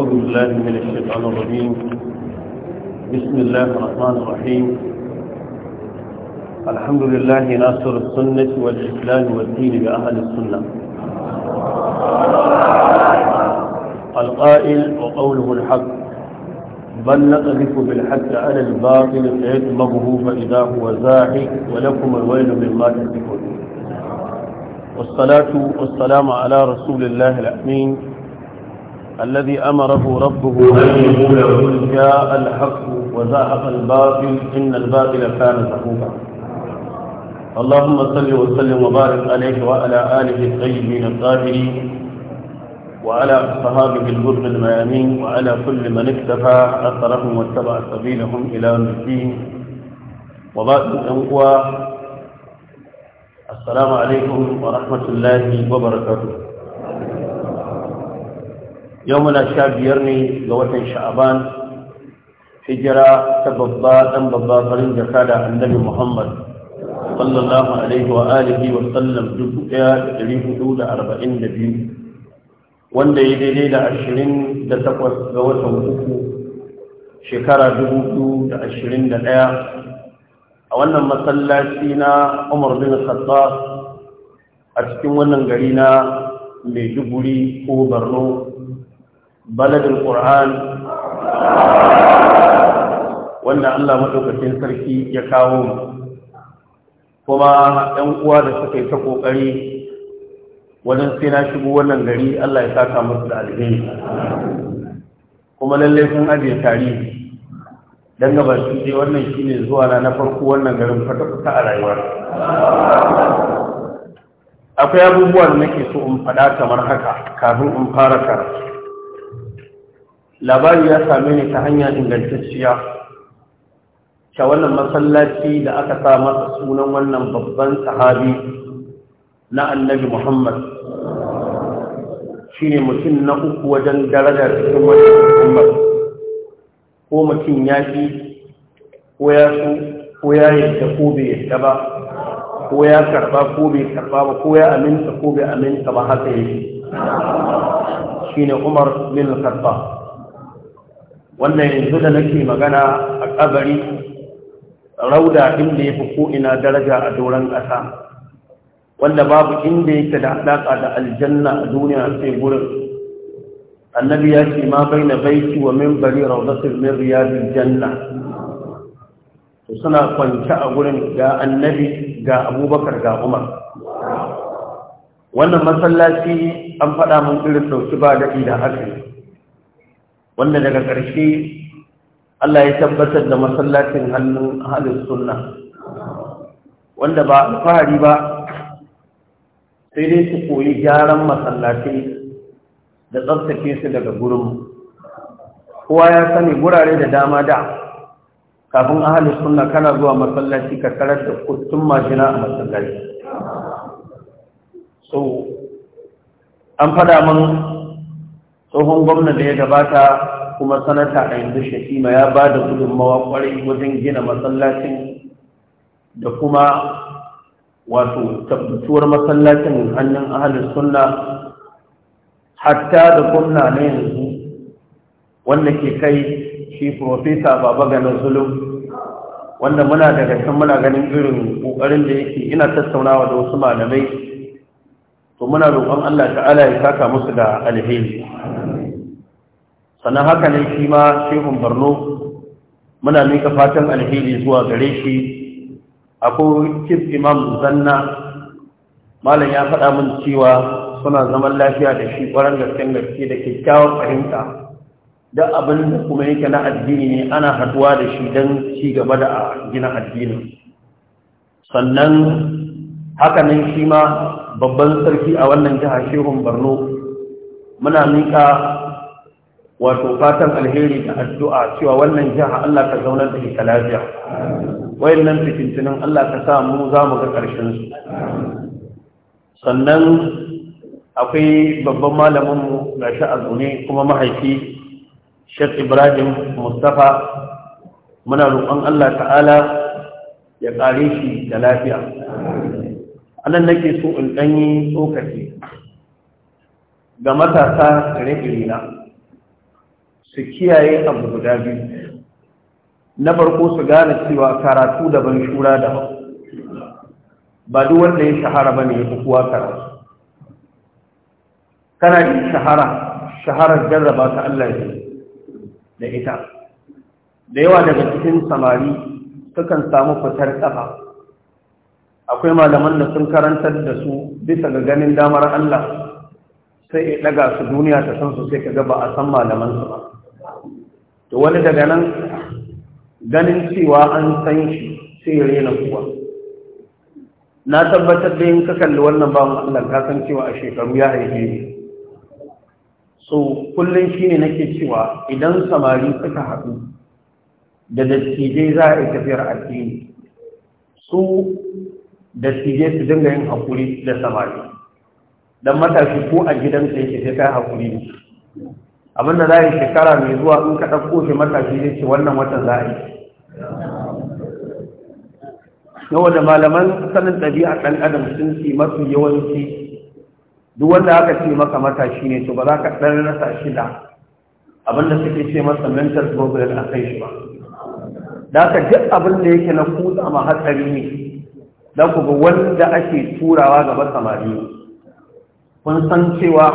أعوذ بالله من الشيطان الرجيم بسم الله الرحمن الرحيم الحمد لله ناصر السنة والإسلام والدين بأهل السنة القائل وقوله الحق بل نقذف بالحق على الباطل فيدمغه فإذا هو زاحي ولكم الويل مما تكفون والصلاة والسلام على رسول الله الأمين الذي أمره ربه أن يقول جاء الحق وزهق الباطل إن الباطل كان زهوقا اللهم صل وسلم وبارك عليه وعلى آله الطيبين الطاهرين وعلى أصحابه الغر الميامين وعلى كل من اكتفى أثرهم واتبع سبيلهم إلى الدين وبعد الأنقوى السلام عليكم ورحمة الله وبركاته yau muna sha biyar ne ga watan sha'aban hijira ta babba ɗan babba farin jaka da annabi muhammad sallallahu alaihi wa alihi wa sallam dubu ɗaya da ɗari hudu da arba'in da biyu wanda ya daidai da ashirin da takwas ga watan uku shekara dubu biyu da ashirin da ɗaya a wannan masallaci na umar bin khattab a cikin wannan gari na maiduguri ko borno balad alquran wanda Allah madaukakin sarki ya kawo mu kuma ɗan uwa da suka yi ta kokari wajen sai na shigo wannan gari Allah ya saka musu da alheri kuma lallai sun ajiye tarihi don gaba shi dai wannan shi ne zuwa na na farko wannan garin fata kwata a rayuwar. akwai abubuwa da nake so in faɗa kamar haka kafin in fara karatu labari ya same ni ta hanya ingantacciya ta wannan masallaci da aka sa masa sunan wannan babban sahabi na annabi muhammad shi ne mutum na uku wajen daraja cikin wannan al'ummar ko mutum ya fi ko ya su ko ya yadda ko bai yadda ba ko ya karba ko bai karba ba ko ya aminta ko bai aminta ba haka yake shi ne umar bin karfa wannan yanzu da nake magana a kabari rauda inda ya fi ko'ina daraja a doron ƙasa wanda babu inda yake da haɗaƙa da aljanna a duniya sai gurin annabi ya ce ma bai na baiki wa mimbari raudatul min riyadil janna to suna kwance a gurin ga annabi ga abubakar ga umar wannan masallaci an faɗa mun irin ɗauki ba daɗi da haka wanda daga ƙarshe Allah ya tabbatar da masallacin hannun halin sunna wanda ba alfahari ba sai dai su koyi gyaran masallacin da tsabtace su daga gurin kowa ya sani gurare da dama da kafin ahalin sunna kana zuwa masallaci ka karar da kuttun majina a masallaci so an fada mun tsohon gwamna da ya gabata kuma sanata a yanzu shakima ya ba da gudunmawa kwarai wajen gina masallacin da kuma wato tabbatuwar masallacin hannun ahalin suna. hatta da gwamna na yanzu wanda ke kai shi profesa baba ganin zulum wanda muna daga can muna ganin irin kokarin da yake ina tattaunawa da wasu malamai to muna roƙon Allah ta'ala ya saka musu da alheri sannan haka ne shi ma shehun barno muna mika fatan alheri zuwa gare shi akwai kif imam zanna malam ya faɗa min cewa suna zaman lafiya da shi ƙwarar gasken gaske da kyakkyawar fahimta da abin da kuma yake na addini ne ana haɗuwa da shi don ci gaba da gina addinin sannan haka nan shi ma babban sarki a wannan jiha shehun barno muna miƙa wato fatan alheri da addu'a cewa wannan jiha Allah ka zauna da ita lafiya wayannan fitintinin Allah ka sa mu za mu ga ƙarshen su sannan akwai babban malaminmu ga shi a zaune kuma mahaifi Sheikh ibrahim mustapha muna roƙon Allah ta'ala ya kare shi da lafiya anan nake so in yi tsokaci ga matasa tare ire na su kiyaye abu guda biyu na farko su gane cewa karatu daban shura daban ba duk wanda ya shahara ba ne ya fi kuwa karatu kana yi shahara shaharar jarraba ta Allah ne da ita da yawa daga cikin samari sukan samu fitar kafa akwai malaman da sun karantar da su bisa ga ganin damar Allah sai ya daga su duniya ta san su sai ka gaba a san malaman su ba to wani daga nan ganin cewa an san shi sai ya rena kuwa na tabbatar da yin ka kalli wannan bawan Allah ka san cewa a shekaru ya haife ni so kullum shine nake cewa idan samari suka haɗu da dattijai za a yi tafiyar addini su da tije su dinga yin hakuri da samari dan matashi ko a gidansa yake sai kai hakuri ne abin da za a yi shekara mai zuwa in ka ɗauko shi matashi zai ce wannan watan za a yi yawa da malaman sanin ɗabi'a ɗan adam sun ce masu yawanci duk wanda aka ce maka matashi ne to ba za ka ɗan rasa shi da abin da suke ce masa mental problem a kai shi ba da ka duk abin da yake na kutsa ma hatsari ne da ku ga wanda ake turawa gaba samari kun san cewa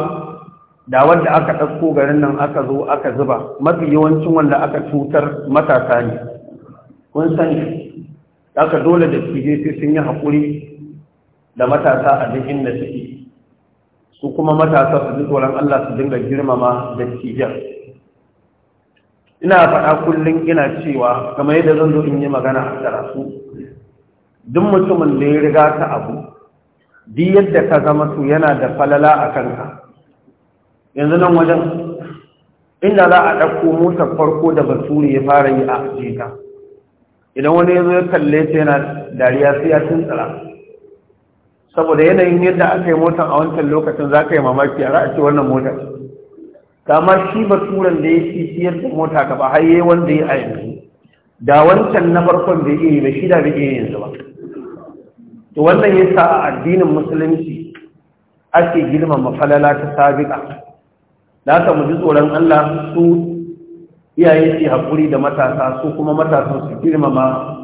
da wanda aka ɗauko garin nan aka zo aka zuba mafi yawancin wanda aka cutar matasa ne kun san aka dole da sai sun yi haƙuri da matasa a duk da suke su kuma matasa su ji tsoron Allah su dinga girmama da ina faɗa kullum ina cewa kamar yadda zan zo in yi magana a karatu duk mutumin da ya riga ta abu duk yadda ka zama su yana da falala a kanka yanzu nan wajen inda za a ɗauko motar farko da basuri ya fara yi a jika idan wani ya zo ya kalle ta yana dariya sai ya tsara saboda yanayin yadda aka yi motar a wancan lokacin za ka yi mamaki a ra'aci wannan motar kama shi basuran da ya fi siyar da mota ka ba har yi wanda ya a yanzu da wancan na farkon da ya yi ba shi da bai iya yanzu ba to wannan yasa a addinin musulunci ake girmama falala ta sabiƙa da aka mu ji tsoron Allah su iyaye su haƙuri da matasa su kuma matasa su girmama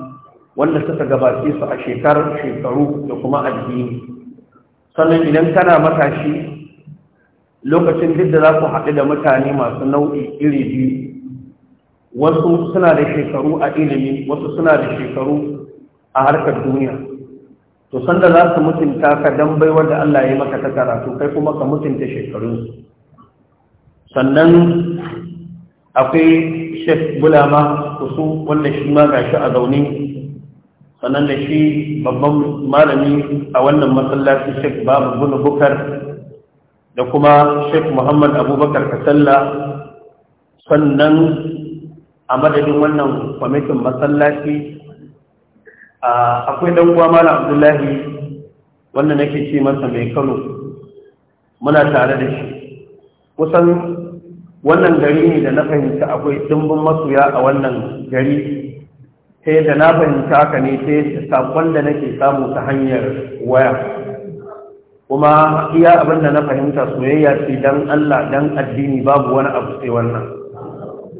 wanda suka gabace su a shekarar shekaru da kuma addini sannan idan kana matashi lokacin duk da za ku haɗu da mutane masu nau'i iri biyu wasu suna da shekaru a ilimi wasu suna da shekaru a harkar duniya to sanda za su mutunta ka dan baiwar da Allah ya maka ta karatu kai kuma ka mutunta shekarun sannan akwai shek Bulama kusu wanda shi ma gashi a zaune sannan da shi babban malami a wannan masallaci shek Babu Bunu Bukar da kuma shek Muhammad Abubakar Kasalla sannan a madadin wannan kwamitin masallaci akwai dan uwa malam abdullahi wanda nake ce masa mai kano muna tare da shi kusan wannan gari ne da na fahimta akwai dimbin masoya a wannan gari ta da na fahimta haka ne ta da sakon da nake samu ta hanyar waya kuma iya abin da na fahimta soyayya ce dan allah dan addini babu wani abu sai wannan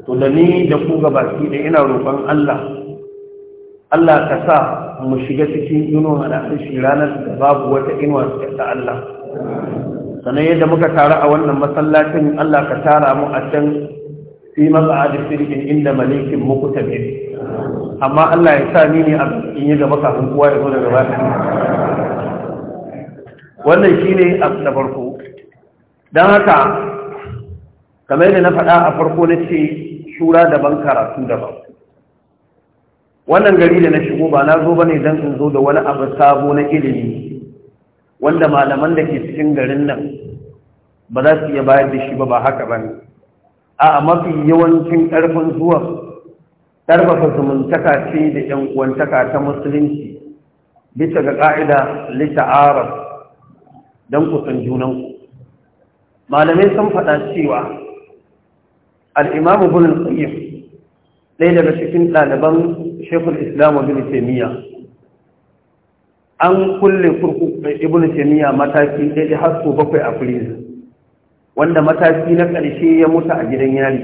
to da ni da ku gabaki da ina roƙon allah Allah ka sa mu shiga cikin inuwa na shi ranar da babu wata inuwa ta Allah sannan yadda muka taru a wannan masallacin Allah ka tara mu a can fi matsa'adi sirkin inda malikin muku tabi amma Allah ya sa ni ne a cikin yi gaba kafin kowa ya zo daga baya wannan shi ne abu da farko don haka kamar yadda na faɗa a farko na ce shura daban karatu daban wannan gari da na shigo ba na zo ba ne don in zo da wani abu sabo na ilimi wanda malaman da ke cikin garin nan ba za su iya bayar da shi ba ba haka ba ne a mafi yawancin ƙarfin zuwa ƙarfafa zumuntaka ce da ‘yan uwantaka ta musulunci bisa ga ƙa'ida lita'arar don kusan junanku malamai sun faɗa cewa al'imamu gudun tsayin ɗaya daga cikin ɗaliban shekul islam ibn taimiyya an kulle kurkuku ibn taimiyya mataki ɗaya har su bakwai a freezer wanda mataki na ƙarshe ya mutu a gidan yari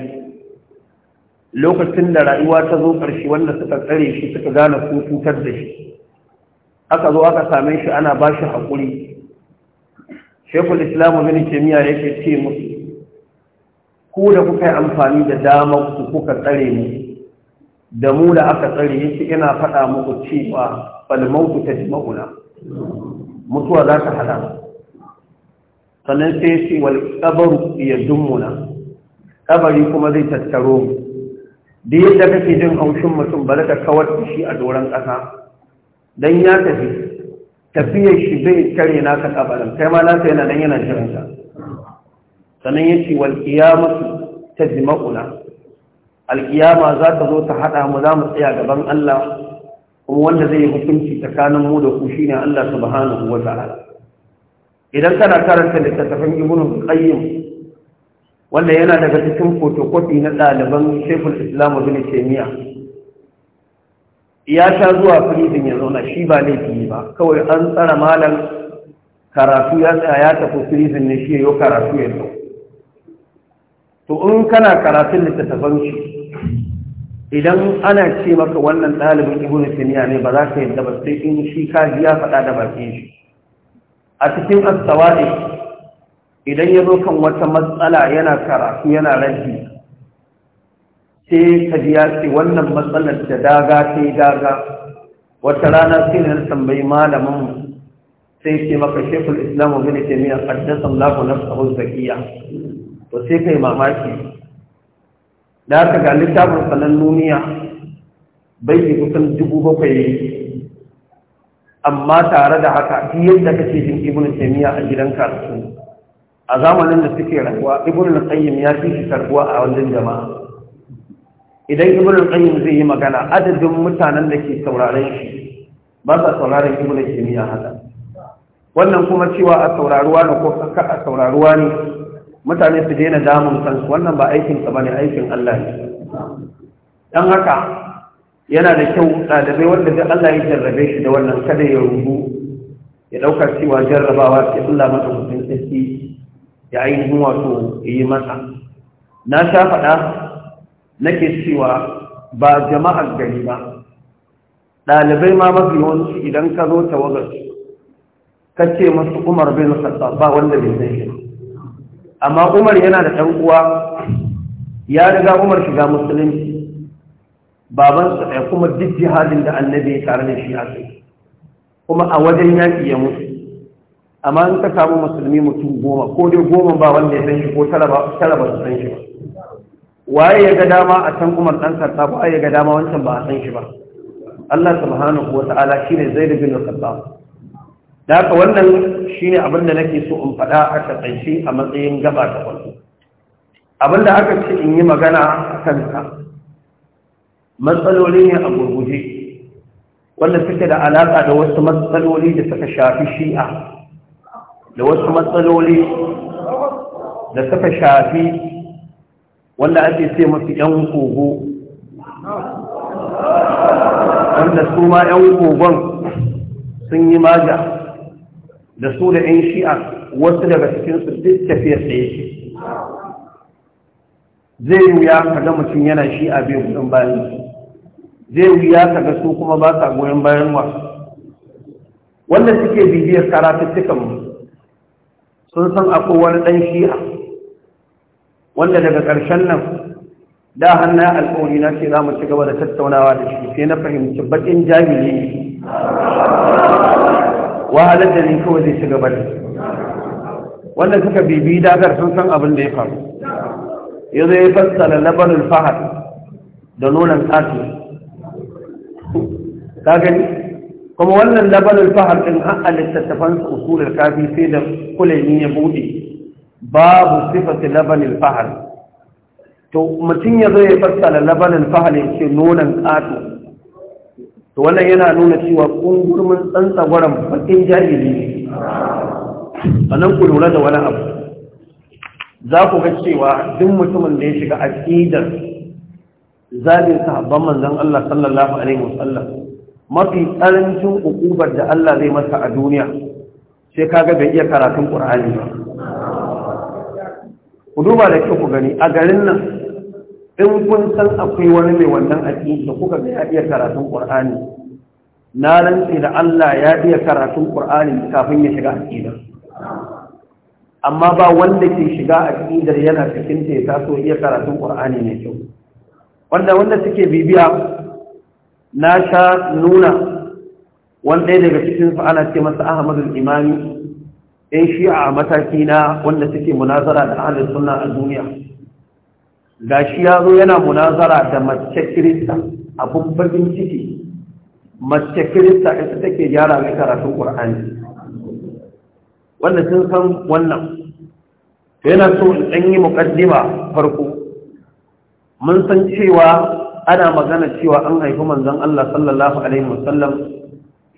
lokacin da rayuwa ta zo ƙarshe wanda suka tsare shi suka gane ko cutar da shi aka zo aka same shi ana ba shi haƙuri shekul islamu ibn kemiya yake ce musu ku da kuka yi amfani da damar ku kuka tsare mu da mu da aka tsare yake ina faɗa muku cewa falmautu ta jima'una mutuwa za ta hada sannan sai shi wal kabaru ya dummuna kabari kuma zai tattaro mu da yadda kake jin haushin mutum ba ka kawar da shi a doron ƙasa don ya tafi tafiyar shi zai kare ka kabarin kai ma naka yana nan yana jiransa sannan ya ce wal kiyamatu ta jima'una alkiyama za ta zo ta haɗa mu za mu tsaya gaban Allah kuma wanda zai yi hukunci tsakanin mu da ku shine Allah subhanahu wa ta'ala idan kana karanta littattafan ibnu qayyim wanda yana daga cikin photocopy na ɗaliban shaykhul islam ibn taymiya ya ta zuwa prison ya zauna shi ba laifi ba kawai an tsara malam karatu ya tsaya ya tafi prison ne shi ya karatu ya zo to in kana karatun littattafan shi idan ana ce maka wannan ɗalibin ibn Siniya ne ba za ka yadda ba sai in shi ka ya faɗa da bakin shi a cikin as-sawa'i idan ya zo kan wata matsala yana karatu yana raddi sai kaji ya ce wannan matsalar da daga sai daga wata rana sai na tambayi malamin sai ce maka shekul islam ibn taymiya qaddasa na sabon zakiyya to sai kai mamaki da aka ga littafin sanan duniya bai yi kusan dubu bakwai amma tare da haka fi yadda ka ce jin ibn taymiya a gidan karatu a zamanin da suke rayuwa ibn al-qayyim ya fi shi karbuwa a wajen jama'a idan ibn al-qayyim zai yi magana adadin mutanen da ke sauraren shi ba sa sauraren ibn taymiya haka wannan kuma cewa a sauraruwa ne ko kaka a sauraruwa ne mutane su daina damun kansu wannan ba aikinsa ba ne aikin Allah ne don haka yana da kyau ɗalibai wanda zai Allah ya jarrabe shi da wannan kada ya rubu ya ɗauka cewa jarrabawa sai Allah masa mutum tsaki ya ainihin wato yi masa na sha faɗa nake cewa ba jama'ar gari ba ɗalibai ma mafi yawanci idan ka zo tawagar ka ce masu umar bin khattab ba wanda bai zai shi amma umar yana da ɗan uwa ya riga umar shiga musulunci babansa ya kuma duk jihadin da annabi ya tare da shi a kai kuma a wajen yaƙi ya mutu amma in ka samu musulmi mutum goma ko dai goma ba wanda ya san shi ko tara ba su san shi ba waye ya ga dama a can umar dan karta ai ya ga dama wancan ba a san shi ba Allah subhanahu wa ta'ala shine zaid bin al-khattab da haka wannan shine abin da nake so in faɗa a takaice a matsayin gaba ta farko abin aka ce in yi magana a Kanta, matsaloli ne a gurguje wanda suke da alaƙa da wasu matsaloli da suka shafi shi'a da wasu matsaloli da suka shafi wanda ake ce masu 'yan kogo wanda su ma 'yan kogon sun yi maja da su da 'yan shi'a wasu daga cikinsu duk tafiya da yake zai wuya ka ga mutum yana shi'a bai gudun bayan su zai wuya ka ga su kuma ba sa goyon bayan wa wanda suke bibiyar karatuttukan sun san akwai wani ɗan shi'a wanda daga ƙarshen nan da hannun alƙawari na ce za mu ci gaba da tattaunawa da shi sai na fahimci baƙin jami'i Wa da ni kawai zai shiga gaba wanda suka bibi dagar sun san abin da ya faru ya zai fassara labarin fahad da nonon ƙato ta gani kuma wannan labarin fahad ɗin an a littattafan usular kafi sai da kulani ya buɗe babu sifati labarin fahad to mutum ya zai fassara labarin fahad ya ce nonon ƙato to wannan yana nuna cewa kungurmin tsantsagwaran bakin jahili ne nan ku lura da wani abu za ku ga cewa duk mutumin da ya shiga aƙidar da sahabban manzan Allah sallallahu alaihi wasallam mafi ƙarancin ukubar da Allah zai masa a duniya sai kaga bai iya karatun ƙur'ani ba ku duba da kyau ku gani a garin nan in kun san akwai wani mai wannan da kuka ga ya iya karatun Kur'ani, na rantse da Allah ya iya karatun Kur'ani kafin ya shiga aƙida amma ba wanda ke shiga aƙidar yana cikin ta ya taso iya karatun Kur'ani mai kyau wanda wanda suke bibiya na sha nuna wanda daga cikin su ana ce masa Ahmadu Imami ɗan shi'a a mataki na wanda suke munazara da ahlus sunna a duniya gashi ya zo yana munazara da mace kirista a bakin ciki mace kirista ita take gyara mai karatun ƙur'ani wanda sun san wannan yana so in ɗan yi muƙaddima farko mun san cewa ana magana cewa an haifi manzon Allah sallallahu alaihi wasallam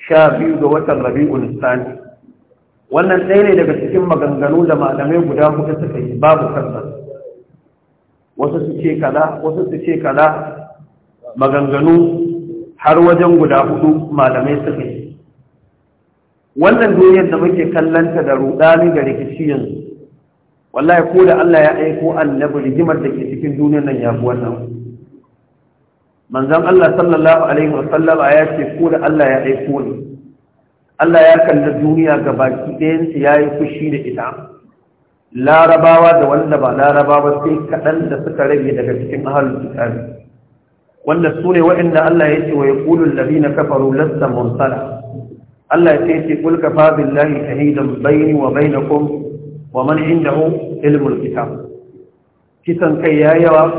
sha biyu ga watan rabi'ul thani wannan ɗaya ne daga cikin maganganu da malamai guda kuka suka yi babu kansa wasu su ce kaza wasu su ce kaza maganganu har wajen guda hudu malamai suka yi wannan duniyar da muke kallanta da rudani da rikici yanzu wallahi ko da Allah ya aiko annabi rigimar da ke cikin duniyar nan ya wannan manzon Allah sallallahu alaihi wa sallam ya ce ko da Allah ya aiko ni." Allah ya kalli duniya ga baki ɗayan ya yi fushi da ita larabawa da wanda ba larabawa sai kaɗan da suka rage daga cikin ahalul kitabi wanda su ne waɗanda Allah ya ce wa ya ƙulun labi na kafaru lasta mursala Allah ya ce ƙulka kafa billahi shahidan bayni wa bainakum wa man indahu ilmul kitab kisan kai ya yawa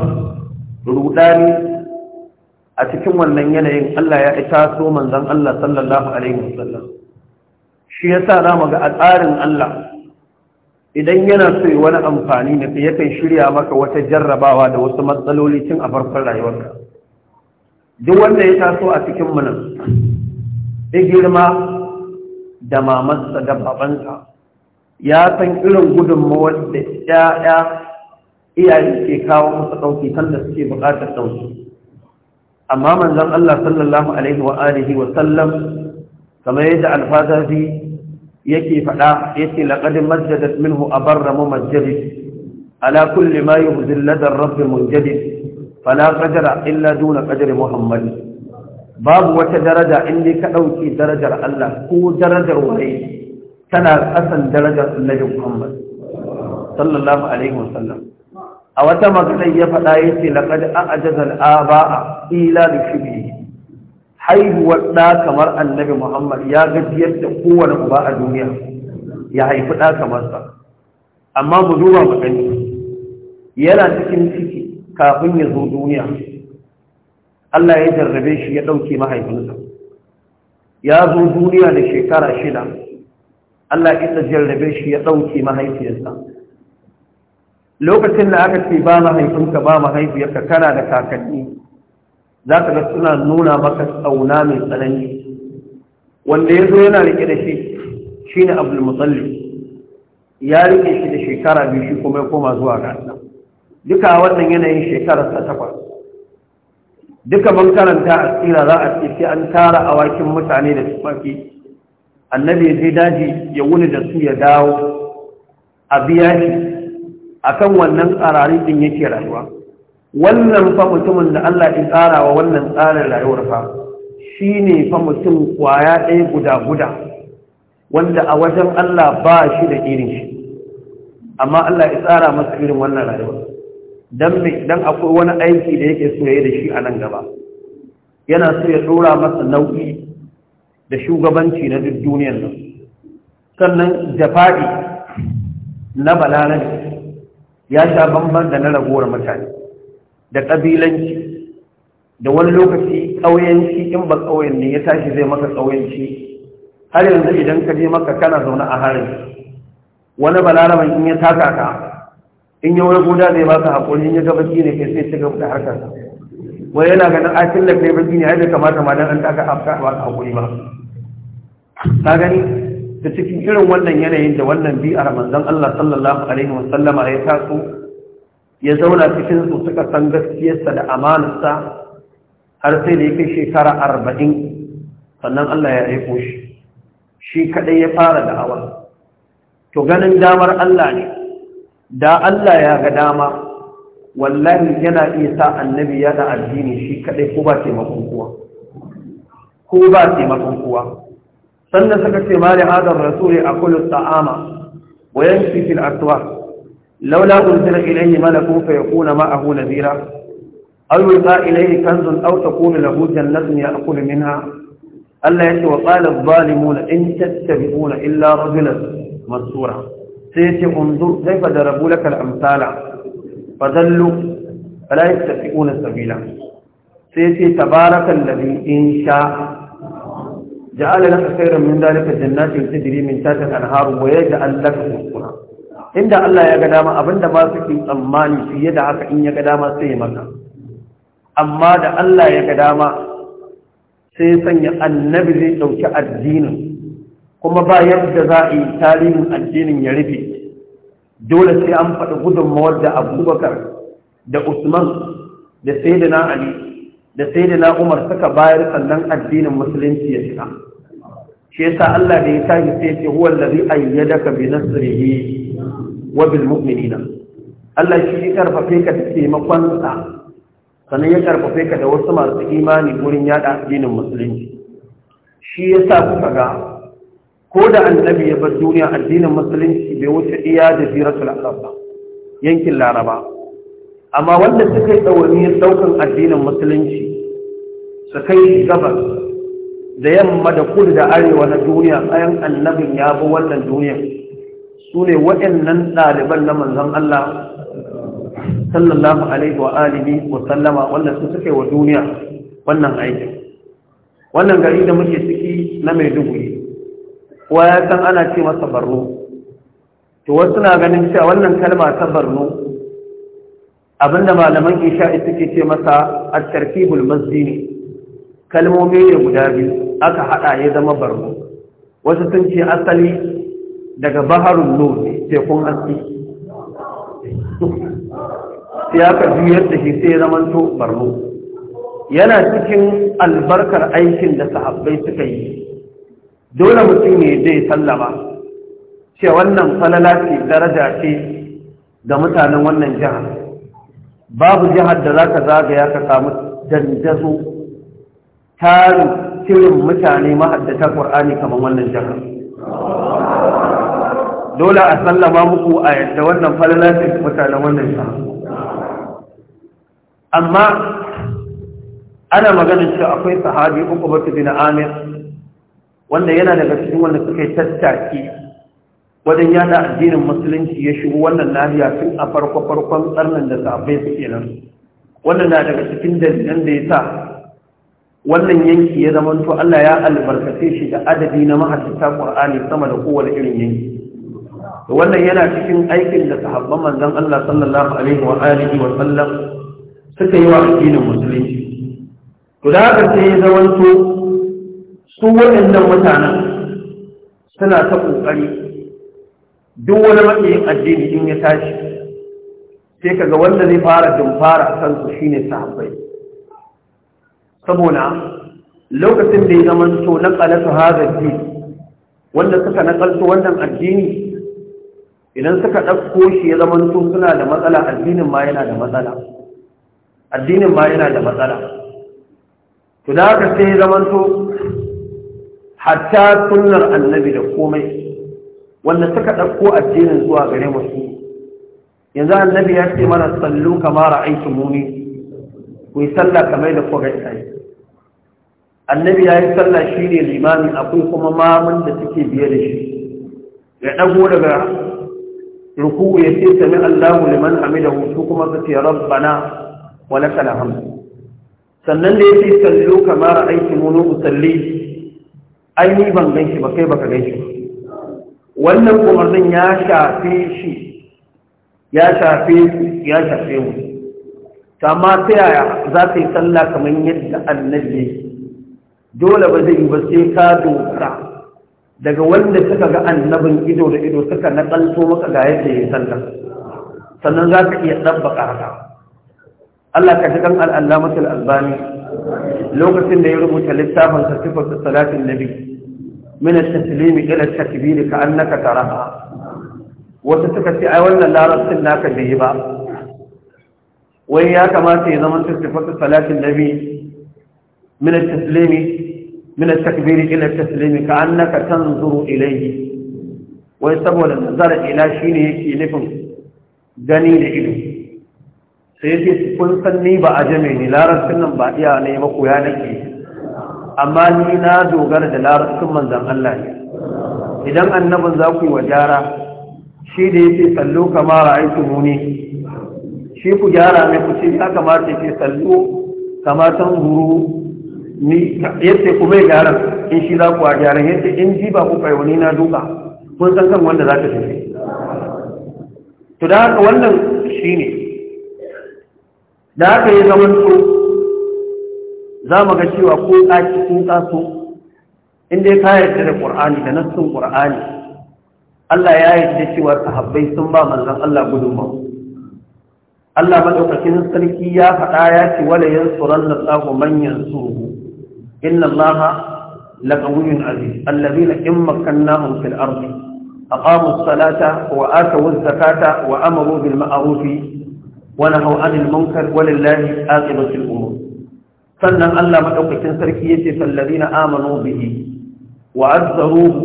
rudani a cikin wannan yanayin Allah ya ita so manzon Allah sallallahu alaihi wasallam shi yasa zamu ga a tsarin Allah idan yana so yi wani amfani na yakan shirya maka wata jarrabawa da wasu matsaloli tun a farkon rayuwarka duk wanda ya taso a cikin munan ya girma da mamansa da babansa ya san irin gudunmawar da ya'ya iyaye ke kawo masa ɗauki sanda suke buƙatar ɗauki amma manzon Allah sallallahu alaihi wa alihi wa sallam kamar yadda alfazafi yake faɗa yake laqad majjadat minhu abarra mumajjad ala kulli ma yuhzil ladar rabb munjadid fala qadara illa duna qadri muhammad babu wata daraja in dai ka ɗauki darajar Allah ko darajar wani tana ƙasan darajar Annabi Muhammad sallallahu alaihi wasallam a wata magana ya faɗa yace laqad a'jaza al-aba'a ila bi shibhi haihuwar ɗa kamar annabi muhammad ya gajiyar da kowane uba a duniya ya haifi ɗa kamar sa amma mu duba mu gani yana cikin ciki kafin ya zo duniya Allah ya jarrabe shi ya ɗauke mahaifinsa ya zo duniya da shekara shida Allah ya jarrabe shi ya ɗauke mahaifiyarsa lokacin da aka ce ba mahaifinka ba mahaifiyarka kana da kakanni za ka ga suna nuna maka tsauna mai tsanani wanda ya zo yana rike da shi shi ne abdulmusalli ya rike shi da shekara biyu shi kuma ya koma zuwa ga nan. duka wannan yanayin shekarar ta takwas duka ban karanta a tsira za a ce sai an tara awakin mutane da tufafi annabi ya je daji ya wuni da su ya dawo a biya shi akan wannan tsararin din yake rayuwa wannan fa mutumin da Allah ya tsara wa wannan tsarin rayuwar fa shine fa mutum kwaya ɗaya guda guda wanda a wajen Allah ba shi da irin shi amma Allah ya tsara masa irin wannan rayuwar dan dan akwai wani aiki da yake so yayi da shi a nan gaba yana so ya dora masa nauyi da shugabanci na duk duniyar nan sannan Jafadi na balalabi ya sha bambanta da na ragowar mutane da ƙabilanci da wani lokaci ƙauyenci in ba ƙauyen ne ya tashi zai maka ƙauyenci har yanzu idan ka je maka kana zaune a harin wani balaraban in ya taka ka in yi wani guda zai baka haƙuri in ya ga baki ne kai sai ci gaba da harkar wani yana ganin a da kai baki ne har da kamata ma dan an taka hafka ba haƙuri ba ka gani da cikin irin wannan yanayin da wannan bi'ar manzon Allah sallallahu alaihi wasallama ya taso ya zauna cikin su suka san gaskiyarsa da amanarsa har sai da ya kai shekara arba'in sannan Allah ya aiko shi shi kaɗai ya fara da'awa to ganin damar Allah ne da Allah ya ga dama wallahi yana iya sa annabi ya da addini shi kaɗai ko ba taimakon kuwa ko ba taimakon kuwa sannan suka ce ma da hadar rasuli a kullu ta'ama Wayan yanfi fil aswaq لولا أنزل إليه ملك فيكون معه نذيرا أو يلقى إليه كنز أو تكون له جنة يأكل منها ألا يأتي وقال الظالمون إن تتبعون إلا رجلا مسورا سيأتي انظر كيف ضربوا لك الأمثال فذلوا فلا يتبعون سبيلا سيأتي تبارك الذي إن شاء جعل لك خيرا من ذلك جنات تجري من تحت الأنهار ويجعل لك مسورا inda Allah ya ga dama abinda ba su ke tsammani fiye da haka in ya ga dama sai ya maka amma da Allah ya ga dama sai ya sanya annabi zai ɗauki addinin kuma ba yadda za a yi tarihin addinin ya rufe dole sai an faɗi gudunmawar da abubakar da usman da sai da na da sai da na umar suka bayar sannan addinin musulunci ya shiga shi yasa Allah da ya tashi sai ce huwa allazi ayyadaka bi nasrihi wa bil mu'minina Allah shi ya karfafe ka da taimakon sa sannan ya karfafe ka da wasu masu imani gurin yada addinin musulunci shi yasa kuka ga ko da annabi ya bar duniya addinin musulunci bai wuce iya da ziratul arab yankin laraba amma wanda suka yi tsawani daukan addinin musulunci su kai gabas da yamma da kudu da arewa na duniya bayan annabin ya bi wannan duniya su ne waɗannan ɗaliban na manzon Allah sallallahu alaihi wa alihi wa sallama wannan su suke wa duniya wannan aikin wannan gari da muke ciki na mai Maiduguri kowa ya san ana ce masa Barno to wasu na ganin cewa wannan kalma ta Barno abinda malaman isha'i suke ce masa a tartibul masjidi kalmomi ne guda biyu aka haɗa ya zama barno wasu sun ce asali daga baharun nur tekun haske sai aka juyar da shi sai ya zama to barno yana cikin albarkar aikin da sahabbai suka yi dole mutum ne zai sallama ce wannan falala ce daraja ce ga mutanen wannan jihar babu jihar da za ka zagaya ka samu dandazo tarin irin mutane mahaddata ƙur'ani kamar wannan jihar dole a sallama muku a yadda wannan falalacin mutanen wannan jihar amma ana maganin cewa akwai sahabi uku batu na amir wanda yana daga cikin wanda suka yi tattaki wajen yada addinin musulunci ya shigo wannan lafiya tun a farko-farkon tsarnin da sahabbai suke nan wannan na daga cikin dalilan da ya sa wannan yanki ya zama to Allah ya albarkace shi da adadi na mahaddata Qur'ani sama da kowane irin yanki to wannan yana cikin aikin da sahabban manzon Allah sallallahu alaihi wa alihi wa sallam suka yi wa addinin musulunci to da haka sai ya zama to su waɗannan mutanen suna ta kokari duk wani matsayin addini in ya tashi sai kaga wanda zai fara dumfara kansu shine sahabbai saboda lokacin da ya zama to na qalatu hadha din wanda suka nakalto wannan addini idan suka dauko shi ya zama to suna da matsala addinin ma yana da matsala addinin ma yana da matsala to da haka sai ya zama to hatta sunnar annabi da komai wanda suka dauko addinin zuwa gare masu yanzu annabi ya ce mana sallu kama ra'aytumuni ku yi sallah kamar da ku ga sai annabi ya yi sallah shi ne limami akwai kuma mamun da suke biye da shi ya ɗago daga ruku ya ce sami allahu liman hamida hutu kuma su ce rabbana wa lakal hamd sannan da ya ce sallu kamar aiki mono usalli ai ni ban gan shi ba kai baka gan shi wannan umarnin ya shafe shi ya shafe ya shafe mu ta ma ta yaya za ta yi sallah kamar yadda annabi ya dole ba zai yi ba sai ka dogara daga wanda suka ga annabin ido da ido suka nakalto maka ga yadda ya sallah sannan za ka iya ɗabbaka haka Allah ka shigan al'allamatul albani lokacin da ya rubuta littafin sa sifar salatin nabi min at-taslim ila at-takbir ka annaka taraha wata suka ce ai wannan larabcin naka bai ba wai ya kamata ya zama sifar salatin nabi من التسليم من التكبير إلى التسليم كأنك تنظر إليه ويسبب النظر إلى شينه إليكم دنيل إليه سيدي كن سني بأجمعني لا رسلنا بأيا نيما قيانك أما نينا دوغر لا رسل من ذن الله إذن النبن ذاكي وجارة shi da yake sallo kamar ra'aitu muni shi ku gyara mai ku ce ya kamata ni yace kuma ya gyara, in shi za ku a gyara. yace in ji ba ku kai wani na duka kun san kan wanda za ta tafi to da haka wannan shi ne. da haka ya zama to za mu ga cewa ko ɗaki ko ƙaso in dai ka yarda da ƙur'ani da nassin ƙur'ani Allah ya yi da cewa sahabbai sun ba manzon Allah gudunmu Allah madaukakin sarki ya faɗa ya ce wala yansuran da tsago man yansuruhu inna allaha laqawiyyun aziz alladhina in makkannahum fil ardi aqamu as-salata wa atu az-zakata wa amaru bil ma'ruf wa nahaw 'anil munkar wa lillahi 'aqibatu al-umur sannan Allah madaukakin sarki yace salladina amanu bihi wa azzaruhu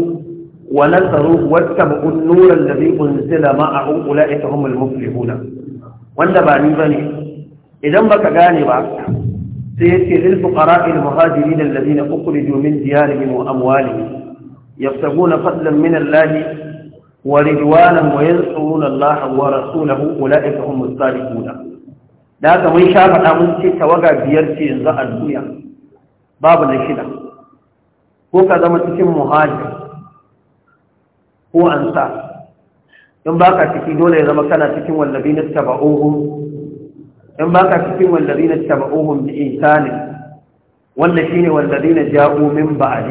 wa nasaruhu wattabu an-nura alladhi unzila ma'ahu ulaika humul muflihuna wanda ba ni bane idan baka gane ba sai yace lil fuqara al muhajirin alladhina ukhriju min diyarihim wa amwalihim yabtaguna fadlan min Allah wa ridwanan wa yansuruna da haka mun sha faɗa mun ce tawaga biyar ce yanzu a duniya babu na shida ko ka zama cikin muhajir ko sa? in baka ciki dole ya zama kana cikin wallabi na taba'uhu in ba ka cikin wallazi na taba ohun wanda shi ne wallazi na ja'u min ba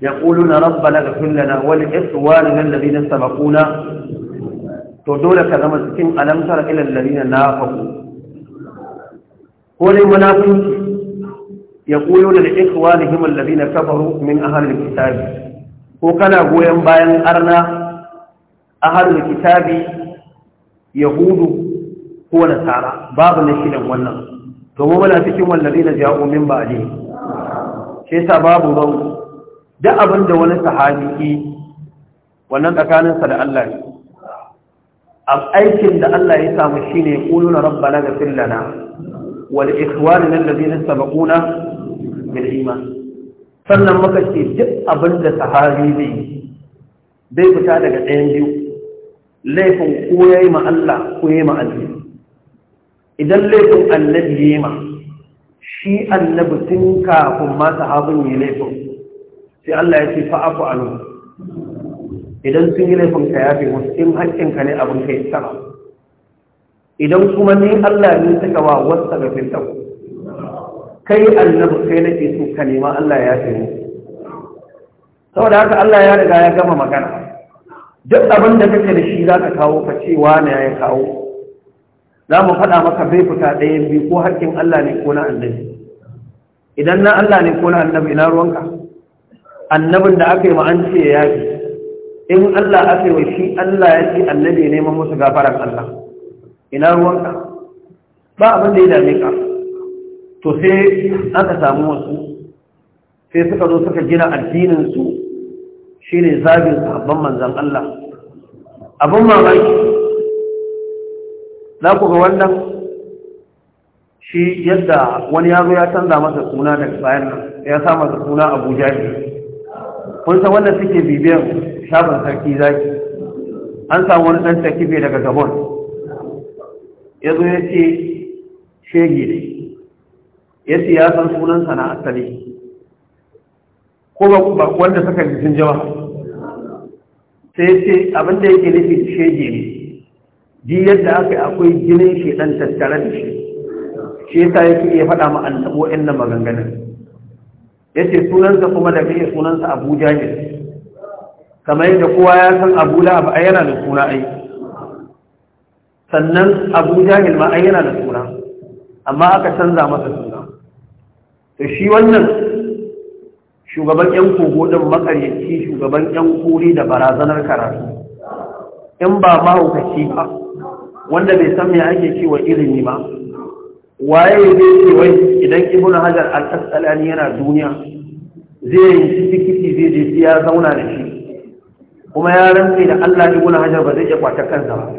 ya ƙulu na rabba na gafin wani ƙasuwa na wallazi na to dole ka zama cikin alamtar ilan lalazi na faɗo ko dai munafunci ya ƙulu na ƙasuwa na himar lalazi na kafaru min ahar likitabi ko kana goyon bayan arna ahar likitabi yahudu ko tsara babu na shidan wannan to mu muna cikin wallazi na ja'u min ba'di sai sa babu ban duk abin da wani sahabi yi wannan tsakaninsa da Allah ne aikin da Allah ya samu shine quluna rabbana ghfir lana wal ikhwanina alladhina sabaquna bil iman sannan muka ce duk abin da sahabi zai bai fita daga ɗayan biyu laifin ko ya yi ma Allah ko yayi ma Allah idan laifin annabi ya yi ma shi annabi tun kafin ma sahabin yi laifin sai Allah ya ce fa'afu nan idan sun yi laifin ka yafe musu in haƙƙin ka ne abin kai sama idan kuma ni Allah ne suka wa wasu ga fintan kai annabi kai ke so ka nema Allah ya yafe musu saboda haka Allah ya riga ya gama magana duk abin da kake da shi za ka kawo ka ce na ya kawo za mu faɗa maka bai fita ɗayan biyu ko haƙƙin Allah ne ko na annabi idan na Allah ne ko na annabi ina ruwanka annabin da aka yi ma an ce ya fi in Allah aka yi wa shi Allah ya ce annabi neman musu gafarar Allah ina ruwanka ba abin da ya dame ka to sai aka samu wasu sai suka zo suka gina addinin su shine zabin su sahabban manzon Allah abin mamaki za ku ga wannan shi yadda wani yaro ya canza masa suna daga bayan nan ya sa masa suna abuja ne kun san wannan suke bibiyar shafin sarki zaki an samu wani ɗan takife daga gabon ya zo ya ce shege ne ya ce ya san sunansa na asali ko ba wanda suka ji sun jama sai ya ce abinda yake nufi shege ne ji yadda aka yi akwai jinin ɗan tattare da shi shi ta yake iya faɗa ma annabi wa'annan maganganun yace sunansa kuma da kai sunansa Abu Jahil kamar yadda kowa ya san Abu Lahab ai yana da suna ai sannan Abu Jahil ma ai yana da suna amma aka canza masa suna to shi wannan shugaban yan kogo din makaryaci shugaban yan kuri da barazanar karatu in ba mahaukaci ba wanda bai san me ake cewa ilimi ba waye zai ce wai idan ibn hajar al-asqalani yana duniya zai yi tikiti zai je ya zauna da shi kuma ya rantsi da Allah ibn hajar ba zai iya kwata kansa ba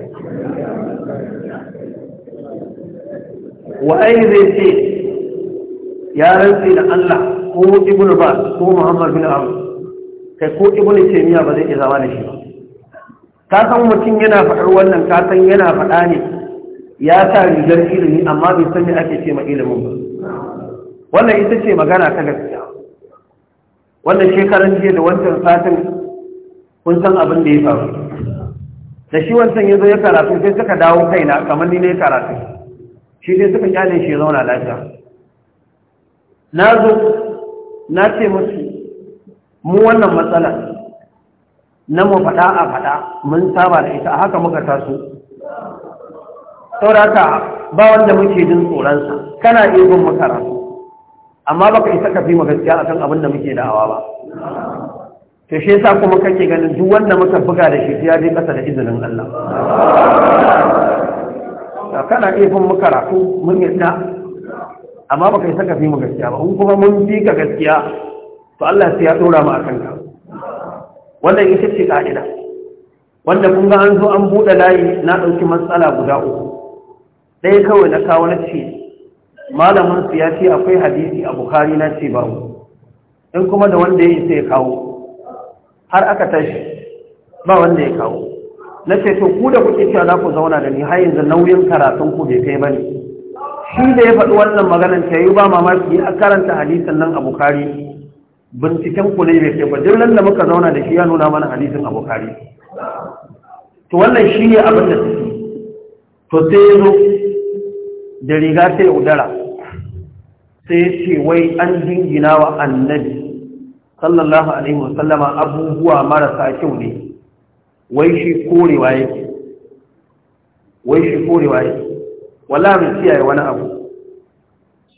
waye zai ce ya rantsi da Allah ko ibn ba ko muhammad bin abu kai ko ibn taymiya ba zai iya zama da shi ba ka san mutum yana faɗar wannan ka san yana faɗa ne ya sa rigar ilimi amma bai san me ake ce ma ilimin ba wannan ita ce magana ta gaskiya wannan shekaran jiya da wancan satin kun san abin da ya faru da shi wancan ya zo ya karatu sai suka dawo kaina kamar ni ne karatu shi dai suka kyale shi zauna lafiya na zo na ce musu mu wannan matsala na mu faɗa a faɗa mun saba da ita a haka muka taso sauraka ba wanda muke jin tsoronsa kana iya bin makaratu amma baka isa ka fi mu gaskiya akan abin da muke da'awa ba to shi yasa kuma kake ganin duk wanda muka buga da shi ya je kasa da izinin Allah kana iya bin makaratu mun yadda amma baka isa ka fi mu gaskiya ba in kuma mun fi ka gaskiya to Allah sai ya dora mu akan ka wannan ita ce ka'ida wanda kun ga an zo an buɗe layi na ɗauki matsala guda uku ɗaya kawai na kawo na ce malamin su ya ce akwai hadisi a bukari na ce babu in kuma da wanda ya isa ya kawo har aka tashi ba wanda ya kawo na ce to ku da kuke cewa za ku zauna da ni har yanzu nauyin karatun ku bai kai ba ne shi da ya faɗi wannan maganar ta yi ba mamaki a karanta hadisin nan a bukari binciken ku ne bai kai ba duk da muka zauna da shi ya nuna mana hadisin abokari. to wannan shi ne abin da suke to sai ya zo da riga sai ya udara sai ce wai an jingina wa annabi sallallahu alaihi wasallama abubuwa marasa kyau ne wai shi korewa yake wai shi korewa yake wallahi mun kiyaye wani abu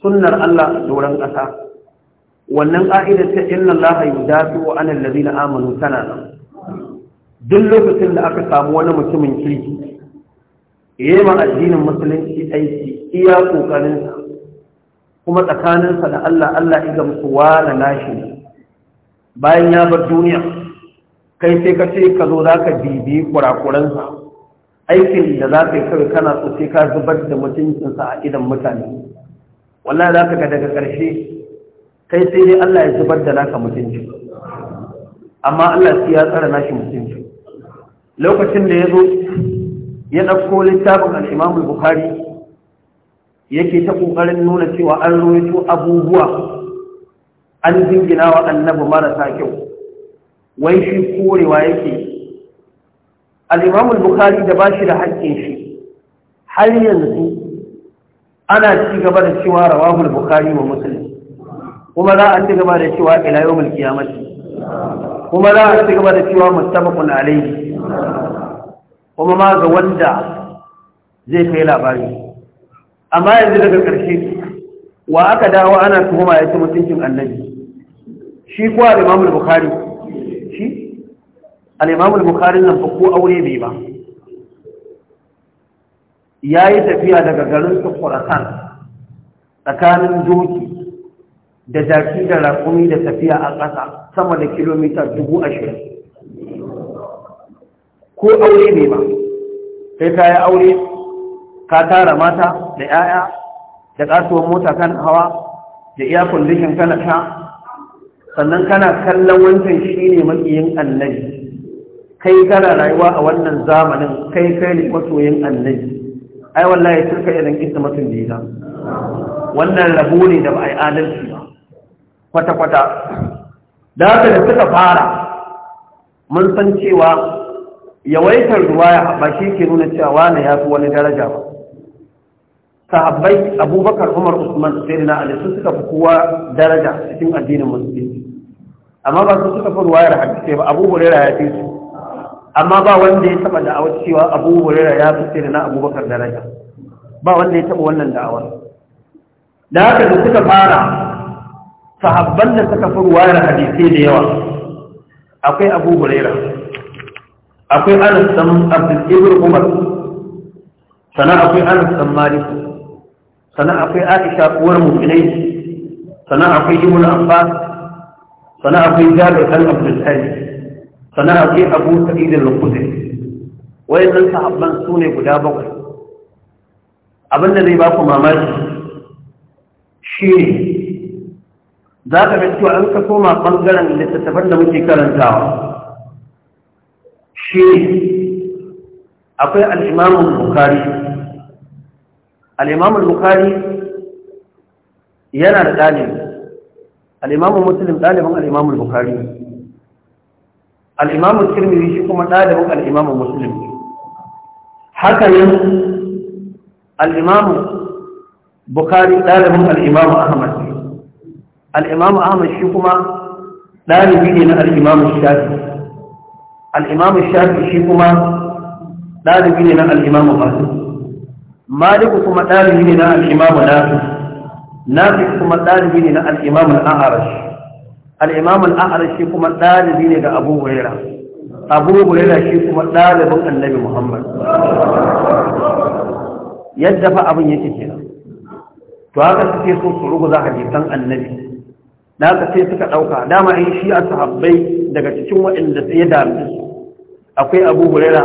sunnar Allah doron ƙasa wannan ƙa'idar ta inna Allah ya dafi wa anan lalina amanu tana nan duk lokacin da aka samu wani mutumin kirki ya yi ma addinin musulunci aiki iya ƙoƙarinsa kuma tsakaninsa da Allah Allah iga gamsu wala nashi ne bayan ya bar duniya kai sai ka ce ka zo za ka bibi kurakuransa aikin da za ka yi kawai kana so sai ka zubar da mutuncinsa a idan mutane wallahi za ka ga daga ƙarshe kai sai dai Allah ya zubar da naka mutunci amma Allah sai ya tsara nashi mutunci lokacin da ya zo ya ɗauko littafin al'imam al-bukhari yake ta ƙoƙarin nuna cewa an roito abubuwa an jingina wa annabi marasa kyau wai shi korewa yake al'imam al-bukhari da ba shi da haƙƙin shi har yanzu ana ci gaba da cewa rawahul bukhari wa musulmi kuma za a ci gaba da cewa ila yawmul qiyamati kuma za a ci gaba da cewa muttafaqun alayhi kuma ma ga wanda zai kai labari amma yanzu daga ƙarshe wa aka dawo ana tuhuma ya ci mutuncin annabi shi kuwa al-imamu bukhari shi al-imamu bukhari nan fa ko aure bai ba yayi tafiya daga garin su Khurasan tsakanin doki da jaki da raƙumi da tafiya a ƙasa sama da kilomita dubu ashirin ko aure ne ba sai ka yi aure ka tara mata da 'ya'ya da kasuwar mota kan hawa da iya kundishin kana sha. sannan kana kallon wancan shi ne makiyin annabi kai kana rayuwa a wannan zamanin kai kai ne masoyin annabi ai wallahi turka irin isa mutum da wannan rabu ne da ba a yi adalci ba kwata-kwata da haka da suka fara mun san cewa yawaitar ruwaya haɓa shi ke nuna cewa wani ya fi wani daraja ba sahabbai abubakar umar usman sai na alisu su suka fi kowa daraja cikin addinin musulunci amma ba su suka fi ruwayar hadisi ba abu hurera ya fi su amma ba wanda ya taba da'awar cewa abu hurera ya fi sai na abubakar daraja ba wanda ya taba wannan da'awar da haka da suka fara sahabban da suka fi ruwayar hadisai da yawa akwai abu huraira akwai anas dan abdul ibn umar sana akwai anas dan malik sana akwai aisha uwar mu'minai sana akwai ibn abbas sana akwai jabir dan abdul aziz sannan akwai abu sa'id al-khudri wayannan sahabban sune guda bakwai abinda zai ba ku mamaki shi za ka ga cewa an ka koma ɓangaren littattafan da muke karantawa shi akwai al'imamun bukari al'imamun bukari yana da ɗalibi al'imamun musulun ɗaliban al'imamun bukari al'imamun kirmiri shi kuma ɗaliban al'imamun musulun haka yin al'imamun bukari ɗaliban al'imamun ahmad al'imamu ahmad shi kuma ɗalibi ne na al'imamu shafi al'imamu shafi shi kuma ɗalibi ne na al'imamu masu maliku kuma ɗalibi ne na al'imamu nafi nafi kuma ɗalibi ne na al'imamu al'arash al'imamu al'arash shi kuma ɗalibi ne ga abu hurera abu hurera shi kuma ɗalibin annabi muhammad yadda fa abin yake kenan to haka suke so su ruguza hadisan annabi da haka sai suka ɗauka dama ai shi a sahabbai daga cikin waɗanda sai ya dami akwai abu hurera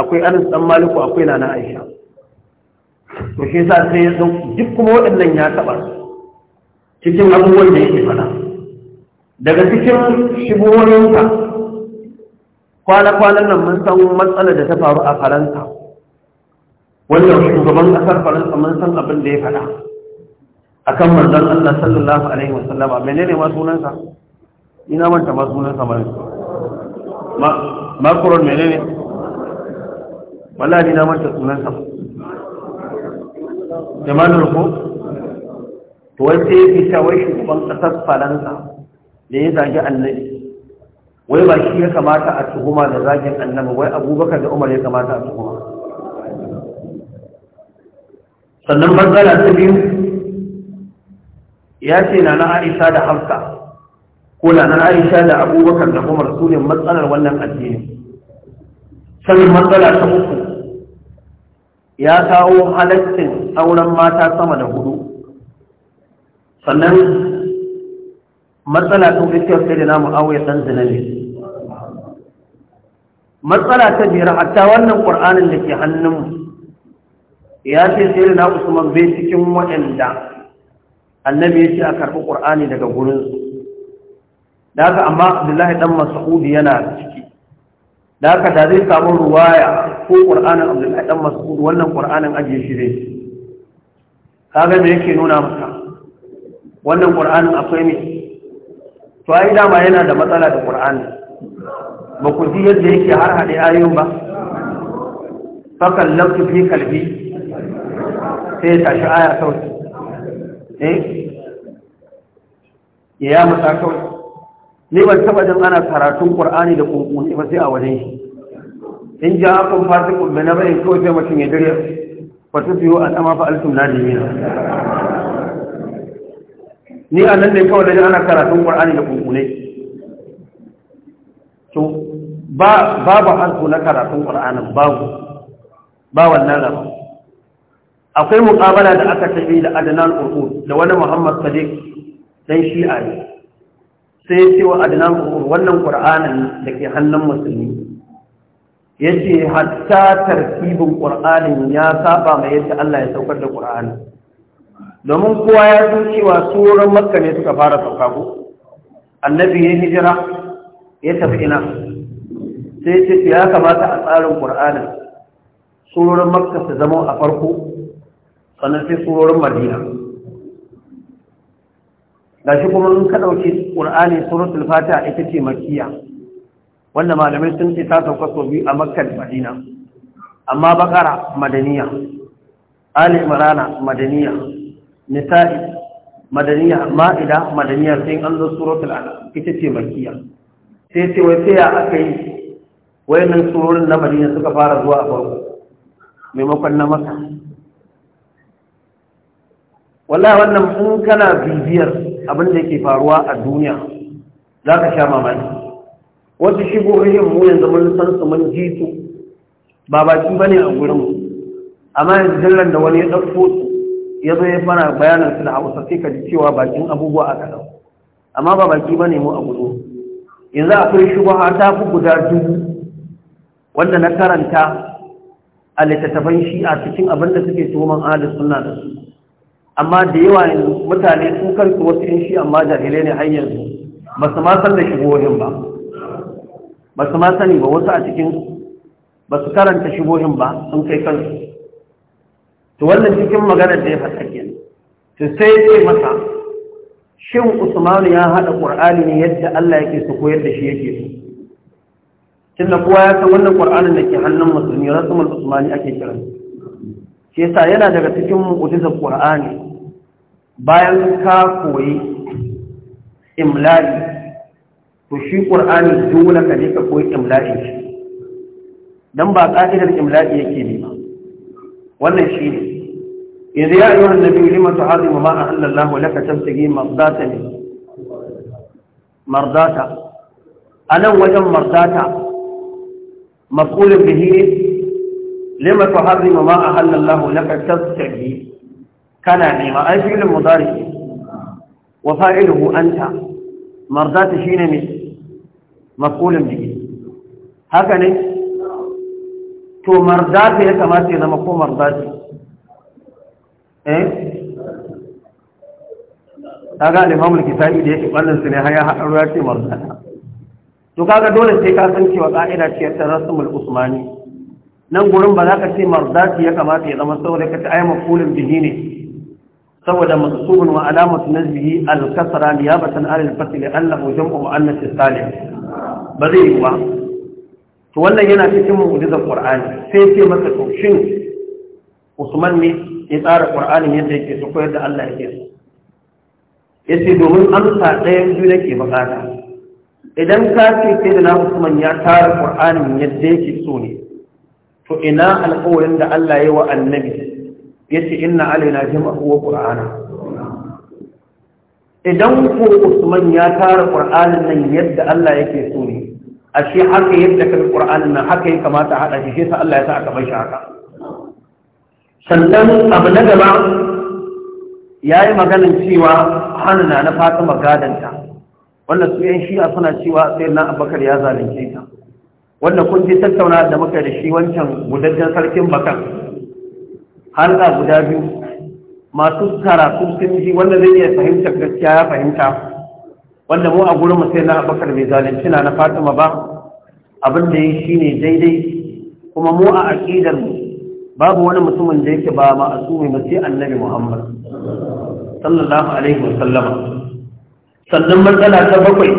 akwai anas dan maliku akwai nana aisha to shi sa sai ya ɗauki duk kuma waɗannan ya taɓa cikin abubuwan da yake faɗa daga cikin shigowarinka kwana-kwanan nan mun san matsalar da ta faru a faransa wannan shugaban ƙasar faransa mun san abin da ya faɗa akan manzon Allah sallallahu alaihi wasallam menene ma sunansa ina manta ma sunansa ma ma makuron menene wallahi ina manta sunansa jamalul ko to wai sai ya fita wai shugaban kasar faransa da ya zagi annabi wai ba shi ya kamata a tuhuma da zagin annabi wai abubakar da umar ya kamata a tuhuma sannan matsala ta biyu ya ce na aisha da hafsa ko na aisha da abubakar da umar su ne matsalar wannan addini sanin matsala ta uku ya kawo halaccin auren mata sama da hudu sannan matsala ta gaskiyar sai da namu auye ɗan zina ne matsala ta biyar hatta wannan ƙur'anin da ke hannunmu ya ce sai da na usman bai cikin waɗanda annabi ya ce a karɓi ƙur'ani daga gurinsu da haka amma abdullahi ɗan mas'udi yana ciki da haka da zai samu ruwaya ko ƙur'anin abdullahi ɗan mas'udi wannan ƙur'anin ajiye shi ne. Ka kaga me yake nuna maka wannan ƙur'anin akwai ne to ai dama yana da matsala da ƙur'ani ba ku ji yadda yake har haɗe ayoyin ba fakan lafi fi kalbi sai ya tashi aya sauti eh ya mutsa kawai ne ban taba jin ana karatun qur'ani da kunkuni ba sai a wajen shi in ja akun fasikun bi nabai kawai sai mutum ya dare fa biyo an ama fa altum nadimina ni a nan ne kawai da ana karatun qur'ani da kunkuni to ba babu harku na karatun qur'ani babu ba wannan rabu akwai muƙabala da aka tafi da adnan urur da wani muhammad sadiq dan shi'a ne sai ya ce wa adnan urur wannan qur'anin da ke hannun musulmi ya ce hatta tartibin qur'anin ya saba mai yadda allah ya saukar da qur'anin domin kowa ya san cewa suran makka ne suka fara sauka ko annabi ya hijira ya tafi ina sai ce ya kamata a tsarin qur'anin surorin makka su zama a farko sannan sai surorin madina ga shi kuma in ka ɗauki ƙur'ani suratul fatiha ita ce makiya wanda malamai sun ce ta sauka sau biyu a makka da madina amma bakara madaniya ali imrana madaniya nisa'i madaniya ma'ida madaniya sai an zo suratul ala ita ce makiya sai ce wai sai ya aka yi wayannan surorin na madina suka fara zuwa a farko maimakon na masa. wallahi wannan in kana bibiyar abin da yake faruwa a duniya za ka sha mamaki wasu shigohin mu yanzu mun san su mun ji su ba baki ba ne a gurin amma yanzu dillan da wani ya ɗauko su ya zo ya fara bayanan su da hausa sai ka ji cewa bakin abubuwa a ɗau amma ba baki ba ne mu a gudu yanzu akwai shubaha ta fi guda dubu wanda na karanta a littattafan shi a cikin abin da suke tuhuman ahalin suna da su amma da yawa mutane sun karfi wasu yin shi amma jahilai ne har yanzu ba su ma san da shigohin ba ba su ma sani ba wasu a cikin ba su karanta shigohin ba sun kai kansu to wannan cikin maganar da ya fata ke to sai ce masa shin Usman ya haɗa ƙur'ani ne yadda allah yake su koyar da shi yake su tun da kowa ya san wannan ƙur'anin da ke hannun musulmi rasumul usmani ake kiran. shi yasa yana daga cikin mu'ujizar ƙur'ani. bayan ka koyi imla'i to shi ƙur'ani dole ka je ka koyi imla'i shi don ba ƙa'idar imla'i yake ne ba wannan shi ne yanzu ya ayyuhan nabi lima ta tu'azimu ma ahallallahu laka tabtagi mardata ne A nan wajen mardata maf'ulun bihi lima ta tu'azimu ma ahallallahu laka tabtagi kana nema ai fi'il mudari wa fa'iluhu anta marzati shine ne maqulun bihi haka ne to marzati ya kamata ya zama ko marzati eh daga al-imam al-kisa'i da yake wannan sune ne haya haɗaru ya ce marzata to kaga dole sai ka san cewa ka'ida ce ta rasul usmani nan gurin ba za ka ce marzati ya kamata ya zama saboda ka ta ai maf'ulun bihi ne wa سود مقصوب وعلامة نزله الكسرة نيابة عن الفتح لأنه جمع مؤنث الثالث بذيء to wannan yana cikin mu'jizar Qur'ani sai ce masa to shin Usman ne ya tsara Qur'anin yadda yake so ko yadda Allah yake so yace domin amsa ɗaya biyu nake bukata idan ka ce sai da na Usman ya tsara Qur'anin yadda yake so ne to ina alƙawarin da Allah ya wa annabi yace inna alaina jama'u wa qur'ana idan ku Usman ya tara Qur'anin nan yadda Allah yake so ne ashe haka yadda kan Qur'anin nan haka ya kamata hada shi sai Allah ya sa aka bar shi haka sannan abu na gaba yayi maganin cewa hanna na Fatima gadanta wannan su yan shi'a suna cewa sai na Abubakar ya zalunce ta wannan kun ji tattauna da muka da shi wancan gudaddan sarkin bakan halka guda biyu masu karatu sun ji wanda zai iya fahimta gaskiya ya fahimta wanda mu a gurin sai na abakar mai zalunci na fatima ba abin da ya shi ne daidai kuma mu a aƙidar mu babu wani mutumin da yake ba a ba sai annabi muhammad sallallahu alaihi wasallama sannan matsala ta bakwai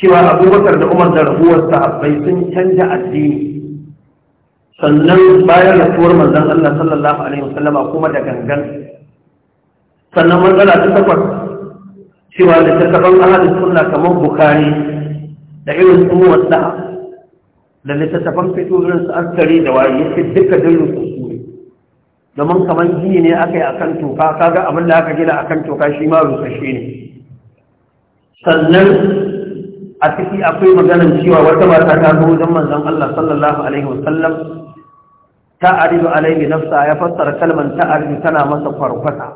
cewa abubakar da umar da rabuwar sahabbai sun canja addini sannan bayan rasuwar manzon Allah sallallahu alaihi wasallama kuma da gangan sannan matsala ta takwas cewa da tattaban ahadin sunna kamar bukari da irin su wadda da littattafan fito irin su askari da waye yake duka dalilin su domin kamar gini ne aka yi a kan toka kaga abin da aka gina a kan toka shi ma rusashe ne sannan a ciki akwai maganar cewa wata mata ta zo wajen manzon Allah sallallahu alaihi wasallam ta'aridu alaihi nafsa ya fassara kalman ta'aridu tana masa farfasa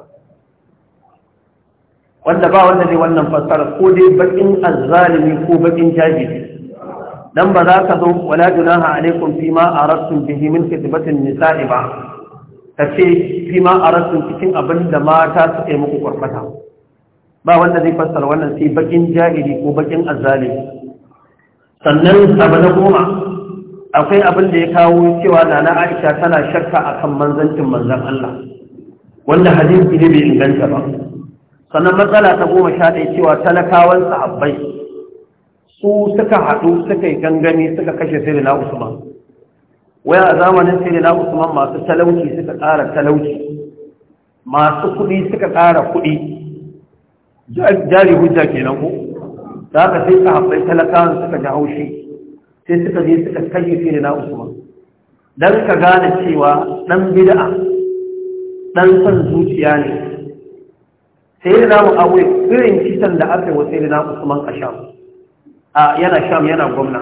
wanda ba wanda ne wannan fassara ko dai bakin azzalimi ko bakin jahili dan ba za ka zo wala junaha alaikum fima aradtum bihi min khidmatin nisa'i ba kace fima aradtum cikin abin da mata suke muku farfasa ba wanda zai fassara wannan sai bakin jahili ko bakin azzalimi sannan abu na goma akwai abin da ya kawo cewa nana aisha tana shakka akan manzancin manzan Allah wanda hadisi ne bai inganta ba sannan matsala ta goma sha ɗaya cewa talakawan sahabbai su suka haɗu suka yi gangami suka kashe sai na usman waya a zamanin sai na usman masu talauci suka ƙara talauci masu kuɗi suka ƙara kuɗi jari hujja kenan ko da haka sai sahabbai talakawan suka ji haushi sai suka je suka kashe fili na usman dan ka gane cewa dan bid'a dan san zuciya ne sai da namun aure irin kisan da aka yi wa sai da na usman a sham a yana sham yana gwamna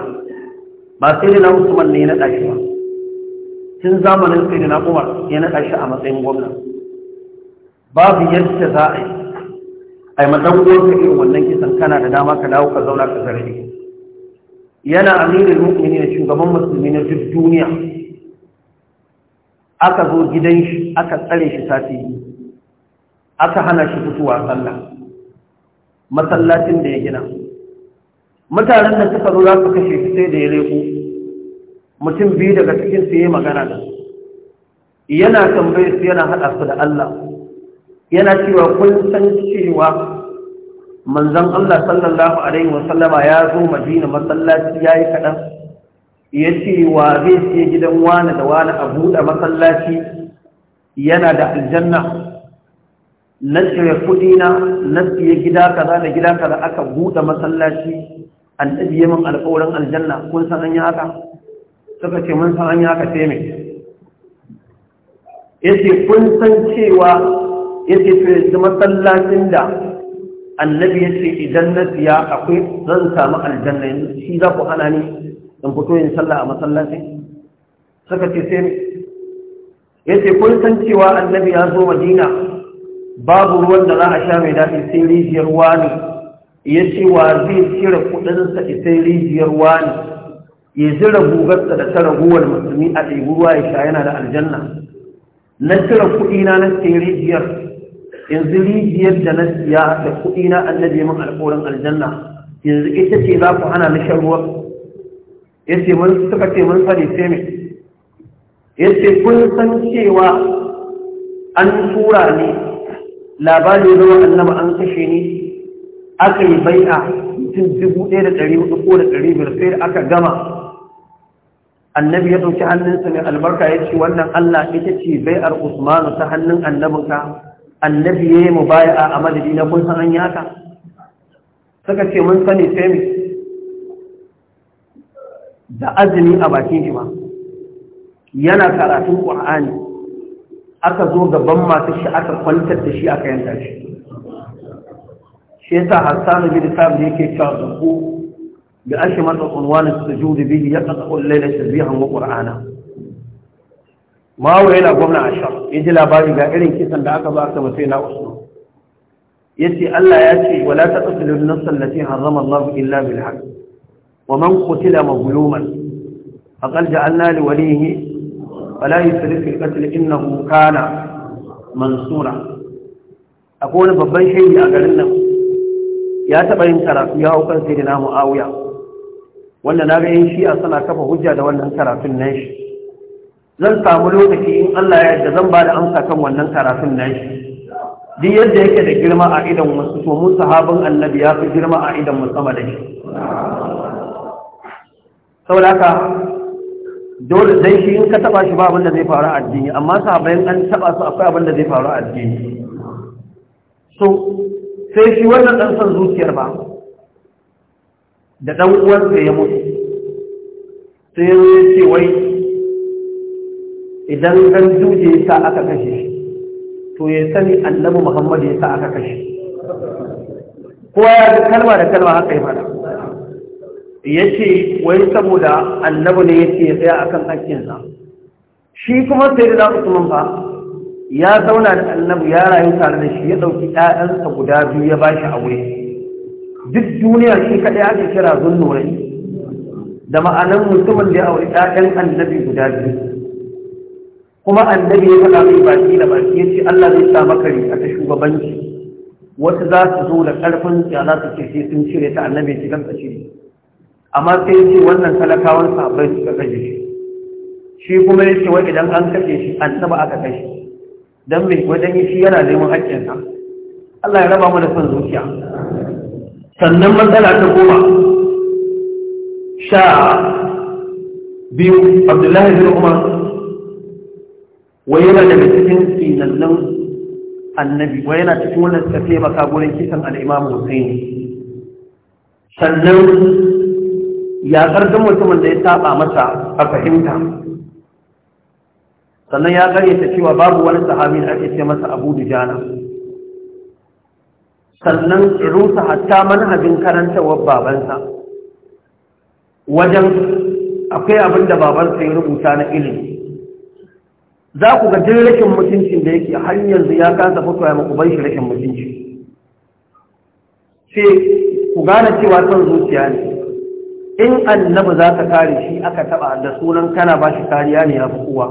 ba sai da na usman ne ya naɗa shi ba tun zamanin sai da na umar ya naɗa shi a matsayin gwamna babu yadda za a yi a yi matsan gwamna irin wannan kitan kana da dama ka dawo ka zauna ka zarafi yana amirin mu'mini ne shugaban musulmi na duk duniya aka zo gidan shi aka tsare shi sati aka hana shi fitowa sallah masallacin da ya gina mutanen da suka zo za su kashe shi sai da ya leko mutum biyu daga cikin su yi magana da yana tambayar su yana haɗa su da Allah yana cewa kun san cewa manzon Allah sallallahu alaihi wasallama ya zo Madina masallaci yayi kadan yace wa zai ce gidan wani da wani a buɗe masallaci yana da aljanna na tsire kuɗi na na tsiye gida kaza da gida kaza aka buɗe masallaci annabi ya min alƙawarin aljanna kun san an yi haka suka ce mun san an yi haka sai me yace kun san cewa yace ce yanzu masallacin da annabi ya ce idan na siya akwai zan samu aljanna shi za ku hana ni in fito yin sallah a masallaci suka ce sai ya ce kun san cewa annabi ya zo madina babu ruwan da za a sha mai daɗi sai rijiyar wani ya ce wa zai cire kuɗinsa sai rijiyar wani ya ji ragugarsa da ta raguwar musulmi a ɗebi ruwa ya sha yana da aljanna na cire kuɗina na sai rijiyar yanzu rijiyar da na siya da kuɗi na annabi min alƙawarin aljanna yanzu ita ce za ku hana na shan ruwa ya ce mun suka ce mun sani sai me ya ce kun san cewa an tura ne Labarin zuwa annabi an kashe ni aka yi bai'a mutum dubu ɗaya da ɗari hudu ko da ɗari biyar sai da aka gama annabi ya ɗauki hannunsa mai albarka ya ce wannan allah ita ce bai'ar usmanu ta hannun annabinka annabi ya yi mu a madadi na kun san yaka suka ce mun sani sai da azumi a bakin shi yana karatun ƙur'ani aka zo gaban masu shi aka kwantar da shi aka yanka shi shi yasa hassanu da sabu yake cewa ashe bi ashi masa da juri biyu ya ƙasa ƙullai da shirbi wa qur'ana mawu yana gwamna a sham ya ji labari ga irin kisan da aka ba aka ba sai na usman ya ce allah ya ce wala ta tsasilin nassan lati harrama allah illa bil haq wa man A mazluman an ja'alna li walihi wala yi fil qatl innahu kana mansura akwai wani babban shaidi a garin nan ya taɓa yin karatu ya hau kan sai da na mu'awiya wanda na ga yin shi shi'a suna kafa hujja da wannan karatun nan shi zan samu lokaci in Allah ya yarda zan ba da amsa kan wannan karatun na shi duk yadda yake da girma a idan wasu to mu sahabin annabi ya fi girma a idan mu sama da shi saboda dole dai shi in ka taba shi ba abin da zai faru a addini amma sahabbai an taba su akwai abin da zai faru a addini so sai shi wannan dan san zuciyar ba da dan uwansa ya mutu sai ya ce wai idan ganduje ya sa aka kashe shi to ya sani annabi muhammad ya sa aka kashe kowa ya ga kalma da kalma haka yi mana ya ce wai saboda annabi ne ya ce ya tsaya akan hakinsa. shi kuma sai da usman ba ya zauna da annabi ya rayu tare da shi ya ɗauki ɗayansa guda biyu ya ba shi aure duk duniya shi kaɗai ake kira zunnurai da ma'anar mutumin da ya auri ɗayan annabi guda biyu kuma annabi ya faɗa mai baki da baki ya ce Allah zai sa maka riga ta shugabanci wasu za su zo da ƙarfin ya za su ce sai sun cire ta annabi ya ce kan cire amma sai ya ce wannan talakawan sahabbai suka kashe shi shi kuma ya ce wai idan an kashe shi annabi aka kashe dan mai wajen shi yana neman haƙƙinsa Allah ya raba mu da son zuciya sannan matsala ta goma sha biyu Abdullahi bin Umar wai yana daga cikin tsinannan annabi wai yana cikin wannan suka taimaka gurin kisan al'imam Hussein sannan ya ƙarfin mutumin da ya saba masa a fahimta sannan ya karyata cewa babu wani sahabi da ake ce masa abu dujana sannan rusa hatta manhajin karantawar babansa wajen akwai abin da babansa ya rubuta na ilimi za ku ga jin rashin mutuncin da yake har yanzu ya kasa ya muku bai shi rashin mutunci sai ku gane cewa son zuciya ne in annabi za ka kare shi aka taba da sunan kana ba shi kariya ne ya fi kowa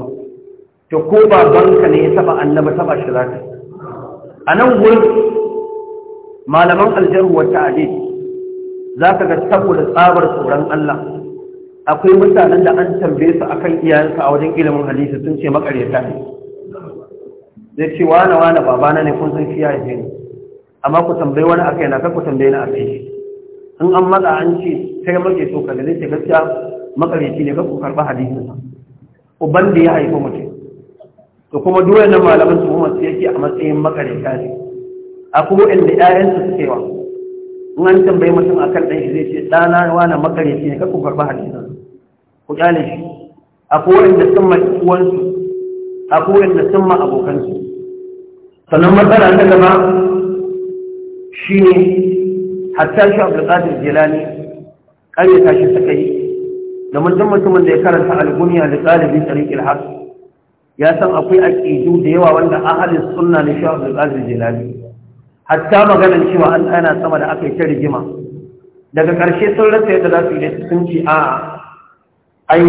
to ko babanka ne ya taba annabi taba shi za ka a nan gurin malaman aljarhu wata za ka ga saboda tsabar tsoron Allah akwai mutanen da an tambaye su akan iyayensa a wajen ilimin hadisi sun ce makaryata ne zai ce wane wane babana ne kun san shi ya ne amma ku tambayi wani aka yana kai ku tambayi na a yi in an matsa an ce sai mace to ka da zai ce gaskiya makaryaci ne ka ku karɓa hadisin uban da ya haifi mutum to kuma duk wannan malaman su kuma yake a matsayin makaryaci ne a kuma inda ƴaƴansu suke wa in an tambayi mutum akan ɗan shi zai ce ɗana wani makaryaci ne ku karɓa hadisin ku kyale shi akwai wanda sun ma uwansu akwai wanda sun ma abokansu sannan matsala ta gaba ne hatta shi Abdul Qadir Jilani kare ta shi suka yi da mutum mutumin da ya karanta al-Bunya da talibin tariqil haq ya san akwai aqidu da yawa wanda ahlus sunna ne shi Abdul Qadir Jilani hatta maganar cewa an tsana sama da aka yi ta rigima daga ƙarshe sun rasa yadda za su yi sun ce a'a ai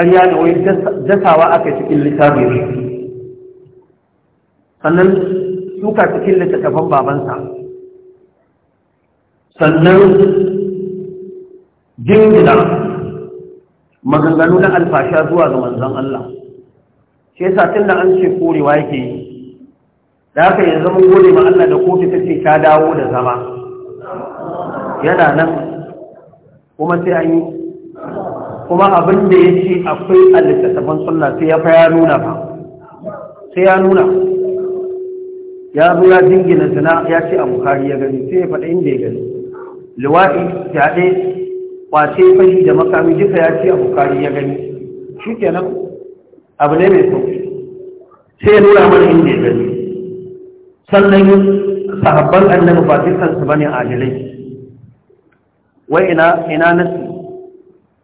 ƙarya da wai dasawa aka cikin littafi ne sannan suka cikin littattafan babansa sannan jingina maganganu na alfasha zuwa ga manzan Allah shi yasa tun da an ce korewa yake yi da haka yi zama gode ma Allah da kotu ta ce ta dawo da zama yana nan kuma sai an yi kuma abin da ya ce akwai a littattafan suna sai ya fa ya nuna ba sai ya nuna ya zo ya dingina zina ya ce a bukari ya gani sai ya faɗa inda ya gani Luwaɗi, fyaɗe ƙwace fari da makami duka ya ce a bukari ya gani shi ke nan, abu ne mai sauki sai ya nuna mana inda ya gani sannan sahabban annabi ba ne bane adilai wai ina ina nasu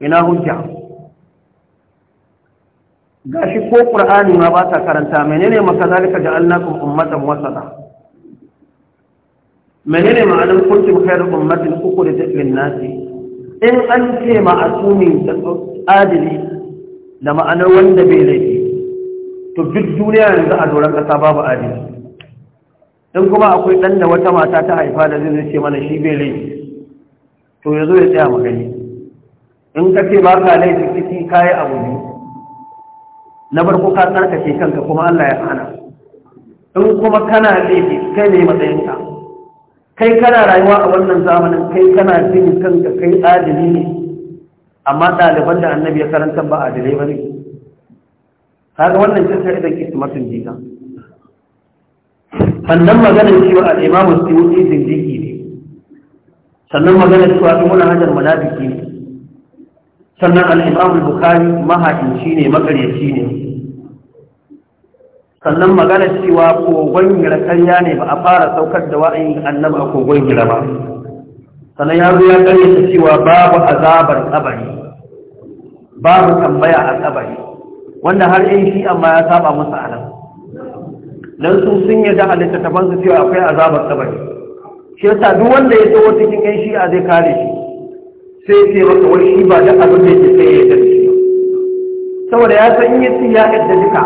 ina hujja gashi ko qur'ani ma ba ta karanta menene makazalika ja'alnakum ummatan wasata menene ma'anar kunti khair ummatin da lin nasi in an ce ma asumi da adili da ma'anar wanda bai laifi to duk duniya yanzu a doron kasa babu adili don kuma akwai ɗan da wata mata ta haifa da zai ce mana shi bai laifi to yazo ya tsaya magani in ka ce ba ka laifi ciki yi abu biyu na farko ka tsarkake kanka kuma Allah ya hana in kuma kana laifi kai ne matsayinka kai kana rayuwa a wannan zamanin kai kana jin kanka kai adali ne amma ɗaliban da annabi ya karanta ba adalai ba ne kaga wannan cikin idan kismatin jika sannan maganar cewa a yi wuce zindiki ne sannan maganar cewa ibn hajar munafiki ne sannan al'imam bukari shi ne makaryaci ne sannan magana cewa kogon gira karya ne ba a fara saukar da wa'ayin annaba kogon gira ba sannan ya zo ya karyata cewa babu azabar tsabari. babu tambaya a tsabari. wanda har yin shi amma ya saba musu alam don su sun yarda a su cewa akwai azabar tsabari shi yasa duk wanda ya zo cikin yan shi'a zai kare shi sai ce masa wani shi ba da abin da yake sai ya yadda da shi saboda ya san in ya ci ya yadda duka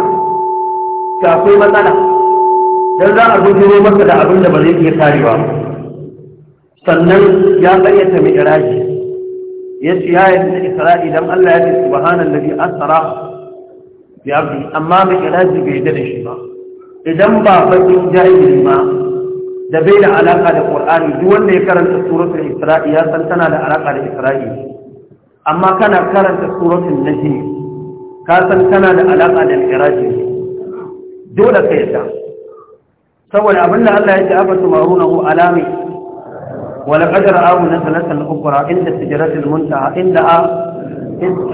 ta akwai matsala dan za a zo jiro masa da abin da ba zai iya karewa sannan ya karyata mai iraji ya ce ya yadda isra'i dan Allah ya ce subhanallazi asra bi asara. abdi amma mai iraji bai yadda da shi ba idan ba bakin jahili ma da bai da alaka da qur'ani duk wanda ya karanta suratul isra'i ya san tana da alaka da isra'i amma kana karanta suratul najm ka san tana da alaka da al-iraji dole ka yadda saboda abinda Allah ya ce abatu marunahu alami wala qadar awu nazalatan ukra inda sijratul muntaha inda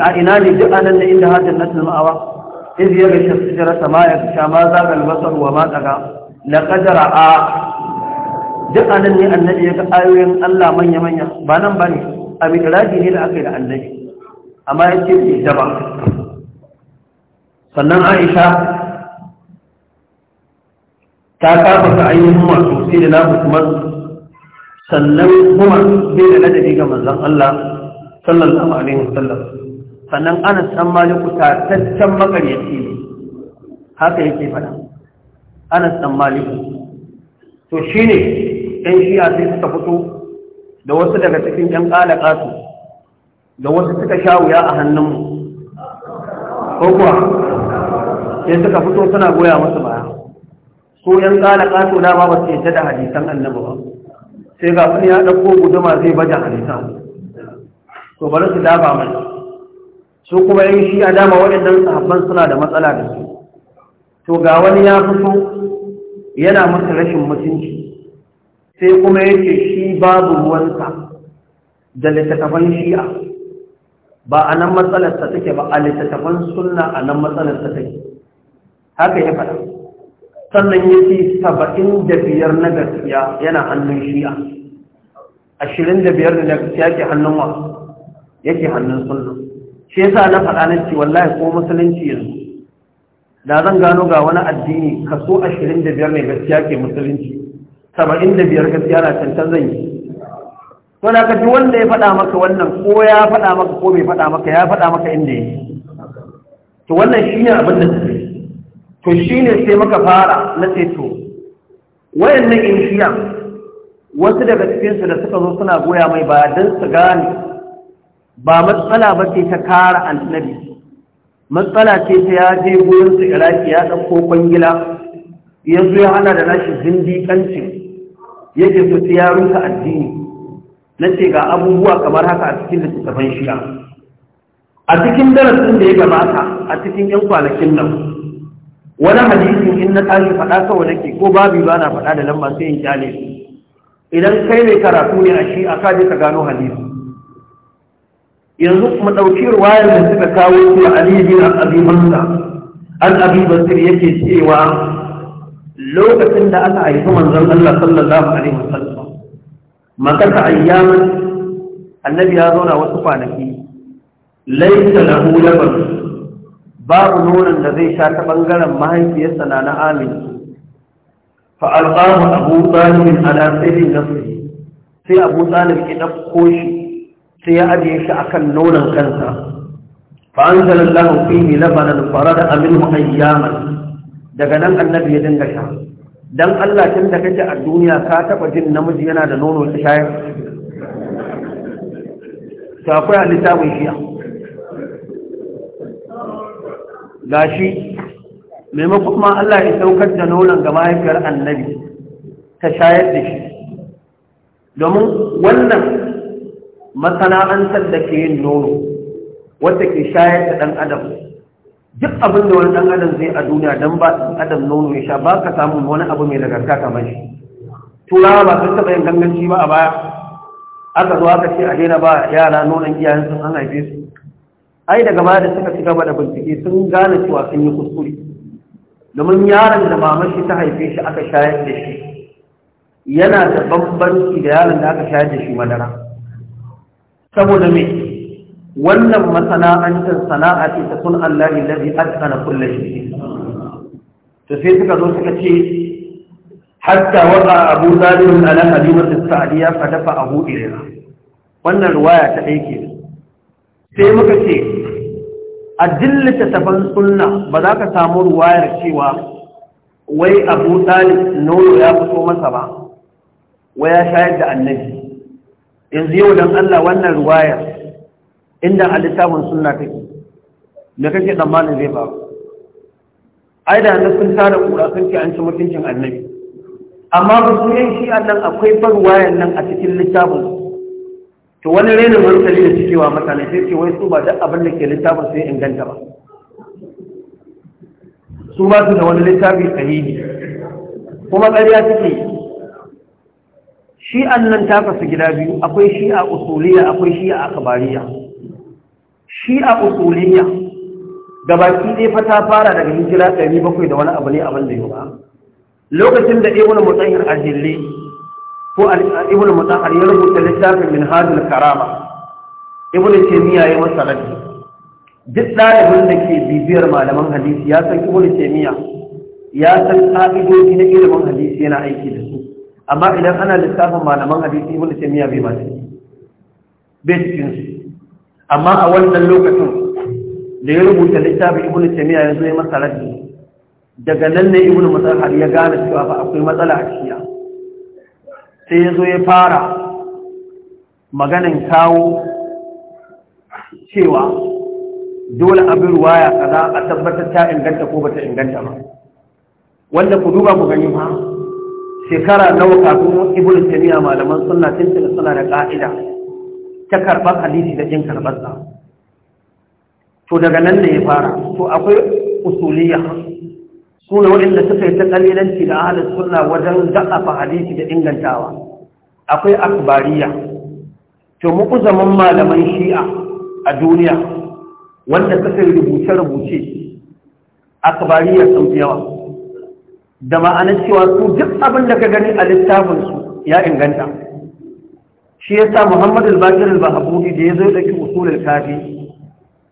a ina ne duk anan da inda hajjatul ma'awa إذ يغشى الشجرة ما يغشى ما زاغ البصر وما طغى لقد رأى duk anan ne annabi ya ga ayoyin Allah manya-manya ba nan ba ne a mitiraji ne da aka yi da annabi amma ya ce bai daba sannan aisha ta kafa ka ainihin masu sai da na kuma sannan kuma bai da ladabi ga manzan Allah sallallahu alaihi wasallam sannan ana san maliku tattan makaryaci ne haka yake fada ana san maliku to shine yan shiya sai suka fito da wasu daga cikin yan ƙalaƙa su da wasu suka sha wuya a hannunmu ko kuwa sai suka fito suna goya masu baya Ko yan ƙalaƙa su dama ba su yadda da hadisan annabi ba sai ga wani ya ɗauko guduma zai baje hadisan to bari su daba mai su kuma yan shiya dama waɗannan sahabban suna da matsala da su to ga wani ya fito yana masa rashin mutunci sai kuma yake shi babu ruwansa da littattafan shi'a ba a nan matsalarsa take ba a littattafan suna a nan matsalarsa take haka ya faɗa sannan ya fi saba'in da biyar na gaskiya yana hannun shi'a ashirin da biyar da gaskiya ke hannun wa yake hannun sunna shi yasa na faɗa na ce wallahi ko musulunci yanzu da zan gano ga wani addini kaso ashirin da biyar ne gaskiya ke musulunci saba'in da biyar gaskiya na cancan zan yi to da kaji wanda ya faɗa maka wannan ko ya faɗa maka ko bai faɗa maka ya faɗa maka inda ya to wannan shi ne abin da suke to shi ne sai maka fara na ceto wayannan inshiya wasu daga cikinsu da suka zo suna goya mai ba don su gane ba matsala ba ce ta kara annabi matsala ce ta ya je gurin su iraki ya ɗauko kwangila ya ya hana da nashi zindiƙancin yake su ya rusa addini na ce ga abubuwa kamar haka a cikin littattafan shiya a cikin darasin da ya gabata a cikin yan kwanakin nan wani hadisin in na tashi faɗa kawai nake ko babi ba na faɗa da nan masu yin kyale idan kai mai karatu ne a shi a kaji ka gano hadisi yanzu kuma ɗauki ruwayar da suka kawo su a aliyu bin hamza an basir yake cewa lokacin da aka haifi manzon Allah sallallahu alaihi wasallam makasa ayyaman annabi ya zauna wasu kwanaki laisa lahu labar babu nonon da zai sha ta bangaren mahaifiyarsa na na amin fa alqahu abu talib ala sayyidin nafsi sai abu talib ya dauko shi sai ya ajiye shi akan nonon kansa fa anzalallahu fihi labanan farada minhu ayyaman daga nan annabi ya dinga sha dan Allah tun da kake a duniya ka taba jin namiji yana da nono ta shayar to akwai halitta mai shiya gashi maimakon ma Allah ya saukar da nonon ga mahaifiyar annabi ta shayar da shi domin wannan masana'antar da ke yin nono wata ke shayar da ɗan adam duk abin da wani dan adam zai a duniya dan ba adam nono ya sha ba ka samu wani abu mai nagarta kamar shi turawa ba sun taɓa yin ganganci ba a baya aka zo aka ce a daina ba yara nonon iyayen sun an haife su ai daga baya da suka ci gaba da bincike sun gane cewa sun yi kuskure domin yaron da mama shi ta haife shi aka shayar da shi yana da bambanci da yaron da aka shayar da shi madara saboda me wannan masana'antar sana'a ce ta sun Allah ne lazi adana kullum shi to sai suka zo suka ce hatta wata abu zalimin ala halimatu sa'adiyya fa dafa abu irira wannan ruwaya ta aiki sai muka ce a dillata tafan sunna ba za ka samu ruwayar cewa wai abu zalib nono ya fito masa ba wai ya shayar da annabi yanzu yau dan Allah wannan ruwayar inda a littafin suna take da kake tsammanin zai faru ai da na sun tara kura sun ce an ci mutuncin annabi amma ba su yin shi nan akwai farwayan nan a cikin littafin to wani renin hankali da cikewa mutane sai ce wai su ba da abin da ke littafin sai inganta ba su ba su da wani littafi sahihi kuma ƙarya suke shi nan ta gida biyu akwai shi a usuliya akwai shi a akabariya shi a usuliyya gabaki baki fa ta fara daga hijira 700 da wani abu ne a wanda yau ba lokacin da ibnu mutahhir ajilli ko ibnu mutahhir ya rubuta littafin min hadil karama ibnu taymiya ya masa raddi duk ɗalibin da ke bibiyar malaman hadisi ya san ibnu taymiya ya san ka'idoji na ilimin hadisi yana aiki da su amma idan ana littafin malaman hadisi ibnu taymiya bai ma bai cikin su amma a wannan lokacin da ya rubuta littafin ibn taymiya yanzu ya masa raddi daga nan ne ibn musahar ya gane cewa ba akwai matsala a shiya sai ya ya fara maganin kawo cewa dole a abin ruwaya kaza a tabbatar ta inganta ko bata inganta ba wanda ku duba ku gani ma, shekara nawa kafin ibn taymiya malaman sunna tantance suna da ka'ida ta karɓar hadisi da jin karɓarsa to daga nan da ya fara to akwai usuliyya su waɗanda suka yi ta ƙalilanci da halin suna wajen zaɓafa hadisi da ingantawa akwai akbariya to muku zaman malaman shi'a a duniya wanda suka yi rubuce-rubuce akbariya sun fi yawa da ma'anar cewa su duk abin da ka gani a littafinsu ya inganta shi ya sa al-Bakir al da da yazo da usul alkafi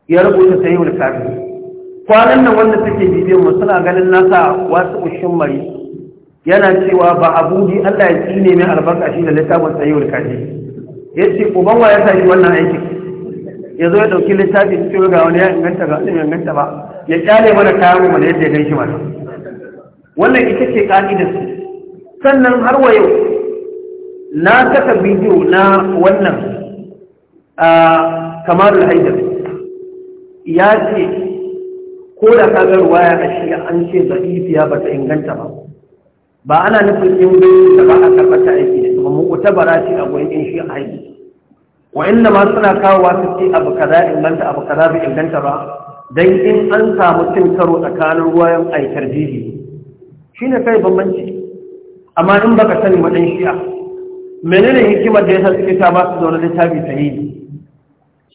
ya rubuta sahih al-kafi kwanan nan wanda take bibiyar mu suna ganin nasa wasu ushin mari yana cewa Bahbudi Allah ya tsine mai albarka shi da littafin sayi al Ya ce, uban wa ya tashi wannan aiki zo ya dauki littafin cikin ga wani ya inganta ga wani inganta ba ya kyale mana kayan mu da yadda ya ganshi mana wannan ita ce su sannan har wa yau na saka bidiyo na wannan a al haidar ya ce ko da kagarwa ya kashi an ce za'ifiya ba ta inganta ba ba ana nufin ingancin da ba a tabbata aiki da kuma mukuta bara ce a goyin in shi a haiti inda ma suna kawowa su ce abu kaza inganta abu kaza bai inganta ba don in an samu cin karo tsakanin ruwayan aikar jiji shi ne kai bambanci amma in baka sani waɗin shi'a menene hikimar da ya sa suke ta ba su da wani littafi sahihi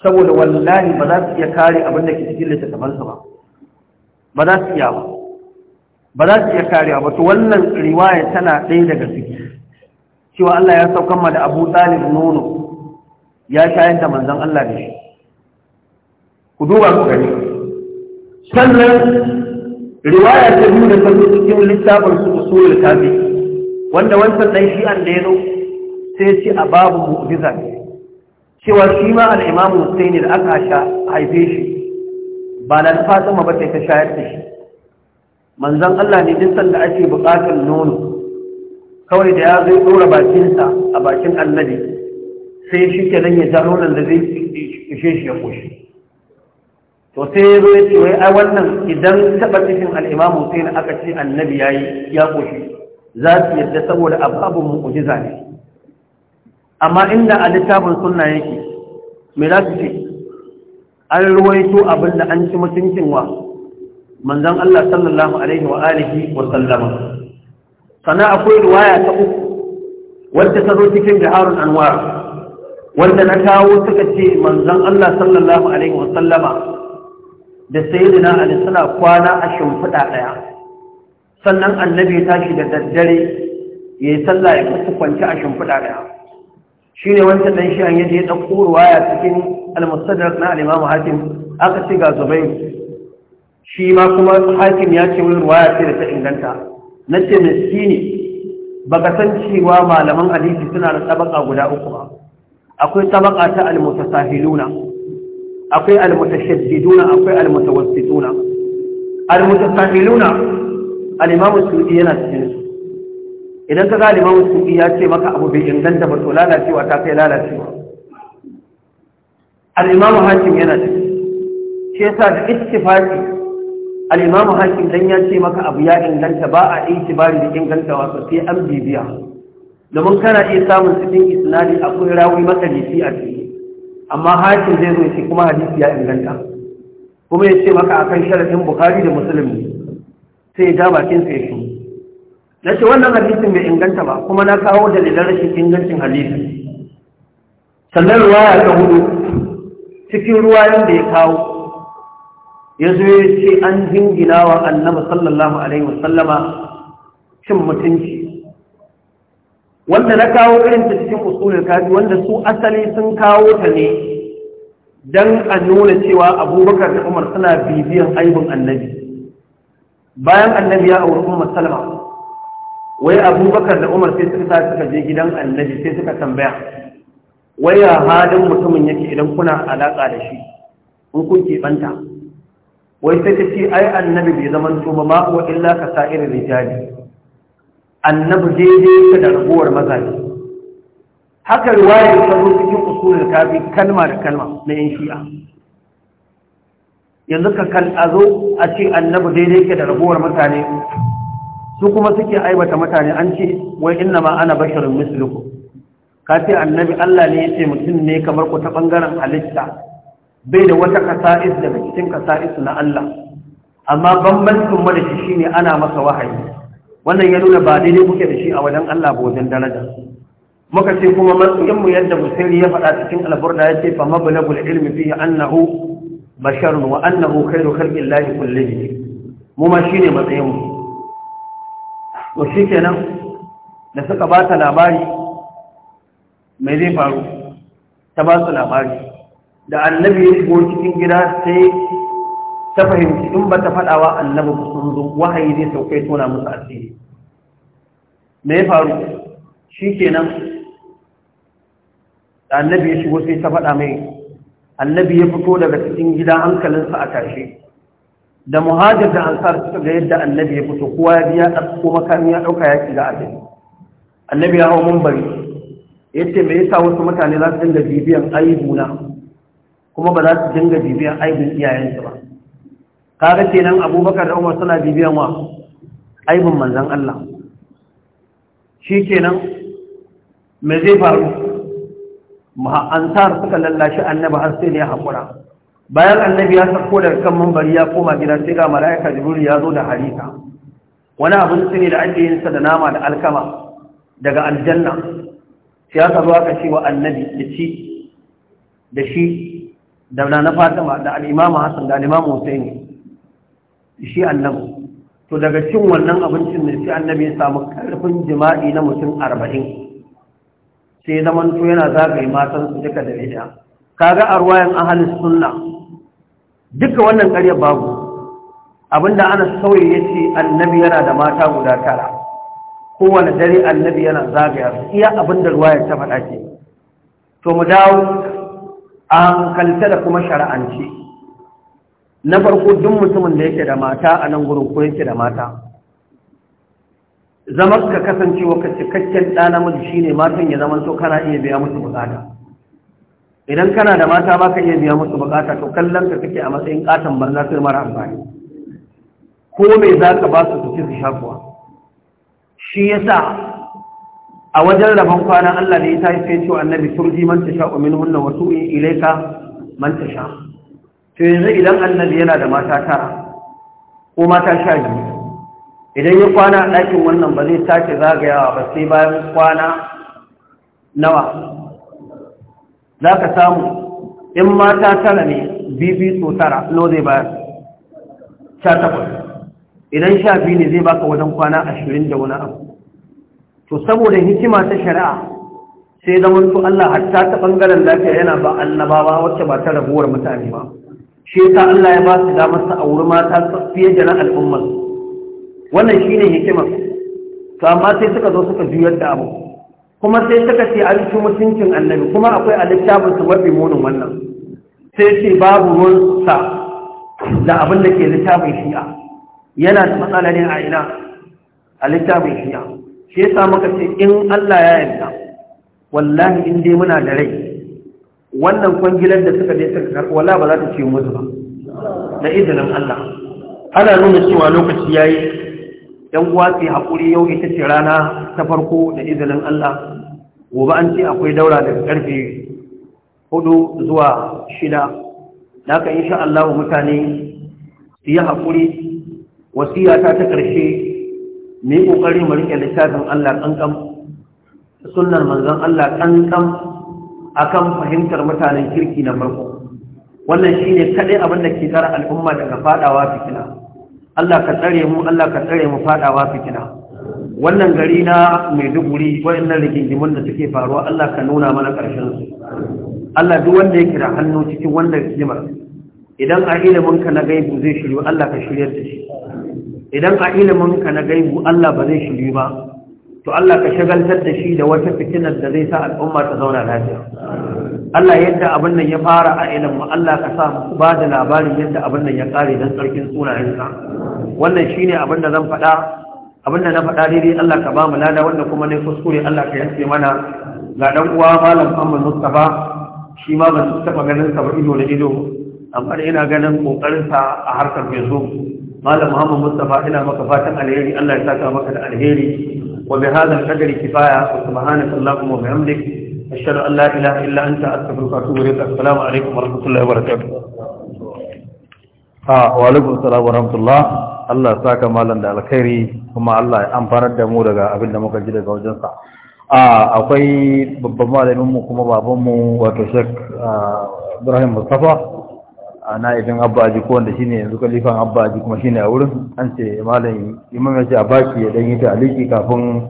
saboda wallahi ba za su iya kare abin da ke cikin su ba ba za su iya ba ba za su iya kare ba to wannan riwaya tana ɗaya daga ciki cewa Allah ya saukan ma da Abu Talib nono ya shayar da manzon Allah da shi ku duba ku gani sannan riwaya ta biyu da ta cikin littafin su usulul kafi wanda wancan dan shi'an da ya zo sai ce a babu mu'jiza cewa shi ma Alimamu imamu Hussein da aka haife shi ba na ma ba ta shayar da shi manzan Allah ne duk sanda ake buƙatar nono kawai da ya zai tsora bakinsa a bakin annabi sai shi ke nan ya ja nonon da zai ishe shi ya koshi to sai ya zo ya ce wai ai wannan idan taɓa cikin al'imamu sai na aka ce annabi ya yi ya koshi za su yadda saboda ababin mu'ujiza ne amma inda a littafin sunna yake me za su ce an ruwaito abin da an ci mutuncin wa manzon Allah sallallahu alaihi wa alihi wa sallama sana akwai riwaya ta uku wadda ta zo cikin jaharun anwar wanda na kawo suka ce manzon Allah sallallahu alaihi wa sallama da sayidina Ali suna kwana a shimfiɗa ɗaya sannan annabi ya tashi da daddare ya yi sallah ya kusa kwanci a shimfiɗa ɗaya shi ne wancan dan shi an yaje ya ɗauko ruwaya cikin al-mustadrak na al-imamu hakim aka ce ga zubai shi ma kuma hakim ya ce wani ruwaya ce da ta inganta na ce miskini ba ka san cewa malaman hadisi suna da tabaka guda uku ba akwai tabaka ta al-mutasahiluna akwai al-mutashaddiduna akwai al-mutawassituna al-mutasahiluna al-imamu sudi yana cikin su idan ka gane ma musulmi ya ce maka abu bai inganta ba to lalacewa ta kai lalacewa al'imamu hakim yana ce Ke sa da istifaki al'imamu hakim dan ya ce maka abu ya inganta ba a itibari da inganta wasu sai an bibiya domin kana iya samun cikin isnadi akwai rawi maka jisi a ciki amma hakim zai zo shi kuma hadisi ya inganta kuma ya ce maka akan sharafin bukari da musulmi sai ya ja bakin sai ya shi na ce wannan hadisin mai inganta ba kuma na kawo dalilan rashin ingancin hadisi sannan ruwa ya ga hudu cikin ruwa yadda ya kawo ya zo ya ce an jingina wa annaba sallallahu alaihi wasallama cin mutunci wanda na kawo irin ta cikin usulul kafi wanda su asali sun kawo ta ne dan a nuna cewa abubakar da umar suna bibiyan aibin annabi bayan annabi ya auri umar salama wai abubakar da umar sai suka suka je gidan annabi sai suka tambaya wai ya hadin mutumin yake idan kuna alaƙa da shi in kun keɓanta wai sai ta ce ai annabi bai zaman to ba ma'uwa illa ka sa irin rijali annabi daidai ka da raguwar mazaje haka riwaya ta zo cikin usulul kafi kalma da kalma na yan shi'a yanzu ka kan a zo a ce annabi daidai ka da raguwar mutane su kuma suke aibata mutane an ce wai inna ma ana basharun misluku ka ce annabi Allah ne yace mutum ne kamar ku ta bangaren halitta bai da wata kasa'is da cikin kasa'is na Allah amma bambancin mu da shi shine ana masa wahayi wannan ya nuna ba daidai kuke da shi a wajen Allah ba wajen daraja muka ce kuma matsayin mu yadda Busairi ya faɗa cikin alburda yace fa mablagul ilmi fihi annahu basharun wa annahu khairu khalqi llahi kullihi mu ma shine matsayin mu to shi kenan da suka ba ta labari mai zai faru ta ba su labari da annabi ya shigo cikin gida sai ta fahimci in ba ta faɗawa annabi ba sun zo wahayi zai saukai tona musu asiri me ya faru shi kenan da annabi ya shigo sai ta faɗa mai annabi ya fito daga cikin gida hankalinsa a tashe da muhajir da ansar suka ga yadda annabi ya fito kowa ya biya ko makami ya ɗauka yaƙi da abin annabi ya hau mumbari ya ce me yasa wasu mutane za su dinga bibiyan aibuna kuma ba za su dinga bibiyan aibin iyayensu ba kaga kenan abubakar da umar suna bibiyan wa aibin manzan Allah shi kenan me zai faru ansar suka lallashi annabi har sai da ya haƙura bayan annabi ya sako daga kan mambari ya koma gida sai ga mala'ika jibril ya zo da harika wani su ne da ake yin sa da nama da alkama daga aljanna sai aka zo aka ce wa annabi ya ci da shi da na fatima da al'imamu hassan da al'imamu hussein shi annabi to daga cin wannan abincin da shi annabi ya samu karfin jima'i na mutum arba'in sai zamanto yana zagaye matan su duka da ita kaga a ruwayan ahalus sunna duka wannan ƙarya babu abinda ana sauye ya ce annabi yana da mata guda tara kowane dare annabi yana zagaya su iya abinda ruwa ya ta faɗa to mu dawo a hankalta da kuma shari'anci na farko duk mutumin da yake da mata a nan gurin ko yake da mata zamar ka kasancewa ka cikakken ɗa namiji shine matan ya zama so kana iya biya musu bukata idan kana da mata ba ka iya biya musu bukata to kallon ka kake a matsayin katon barna sai mara amfani ko mai za ka ba su su ci su sha kuwa shi ya sa a wajen rabon kwanan Allah ne ta yi sai cewa annabi turji man ta sha min hunna wasu in ilaika man ta sha to yanzu idan annabi yana da mata tara ko mata sha biyu idan ya kwana a ɗakin wannan ba zai sake zagayawa ba sai bayan kwana nawa za ka samu in mata tara ne bibi so tara no zai ba? sha takwas idan sha biyu ne zai baka wajen kwana ashirin da wani abu to saboda hikima ta shari'a sai zama su Allah hatta ta ɓangaren lafiya yana ba annabawa wacce ba ta rabuwar mutane ba shi ta Allah ya ba su damar sa wuri mata fiye da na al'ummar wannan shine hikimar to amma sai suka zo suka juyar da abu kuma sai suka ce an ci mutuncin annabi kuma akwai a littafin su mafi munin wannan sai ce babu ruwansa da abin da ke littafin shi'a yana da matsala ne a ina a littafin shi'a shi yasa muka ce in Allah ya yarda wallahi in dai muna da rai wannan kwangilar da suka je ta karɓi wala ba za ta ce musu ba da izinin Allah ana nuna cewa lokaci yayi yan uwa su haƙuri yau ita ce rana ta farko da izinin Allah gobe an ce akwai daura daga ƙarfe hudu zuwa shida naka insha Allah mutane su yi haƙuri wasiyata ta ƙarshe ne ƙoƙari mu riƙe littafin Allah ƙanƙan, sunan manzon Allah ƙanƙam akan fahimtar mutanen kirki na farko wannan shine kaɗai abin da ke tsara al'umma daga faɗawa fitina Allah ka tsare mu Allah ka tsare mu fadawa fitina wannan gari na Maiduguri wayannan rigingimin da suke faruwa Allah ka nuna mana karshen su Allah duk wanda ya kira hannu cikin wannan rigimar idan a ilimin ka na gaibu zai shiryu Allah ka shiryar da shi idan a ilimin ka na gaibu Allah ba zai shiryu ba to Allah ka shagaltar da shi da wata fitinar da zai sa al'umma ta zauna lafiya Allah yadda abin nan ya fara a ilimin Allah ka sa mu ba da labarin yadda abin nan ya kare don tsarkin sunayensa wannan shine abin da zan faɗa abin da na faɗa daidai Allah ka ba mu lada wanda kuma ne kuskure Allah ka yanke mana ga dan uwa malam Ahmad Mustafa shi ma ban taɓa ganin sa ba ido da ido amma ina ganin kokarin sa a harkar Facebook malam Muhammad Mustafa ina maka fatan alheri Allah ya saka maka da alheri wa bi hadha al-qadri kifaya subhanakallahumma wa bihamdika أشهد أن لا إله illa anta astaghfiruka wa atubu ilayk assalamu alaikum wa rahmatullahi wa barakatuh ah wa alaikum assalam wa Allah ya saka malam da alkhairi kuma Allah ya amfanar da mu daga abin da muka ji daga wajensa ah akwai babban malamin mu kuma baban mu wato Sheikh Ibrahim Mustafa ana idan abba aji ko wanda shine yanzu kalifan abba aji kuma shine a wurin an ce malam imam ya ce a baki ya dan yi ta aliki kafin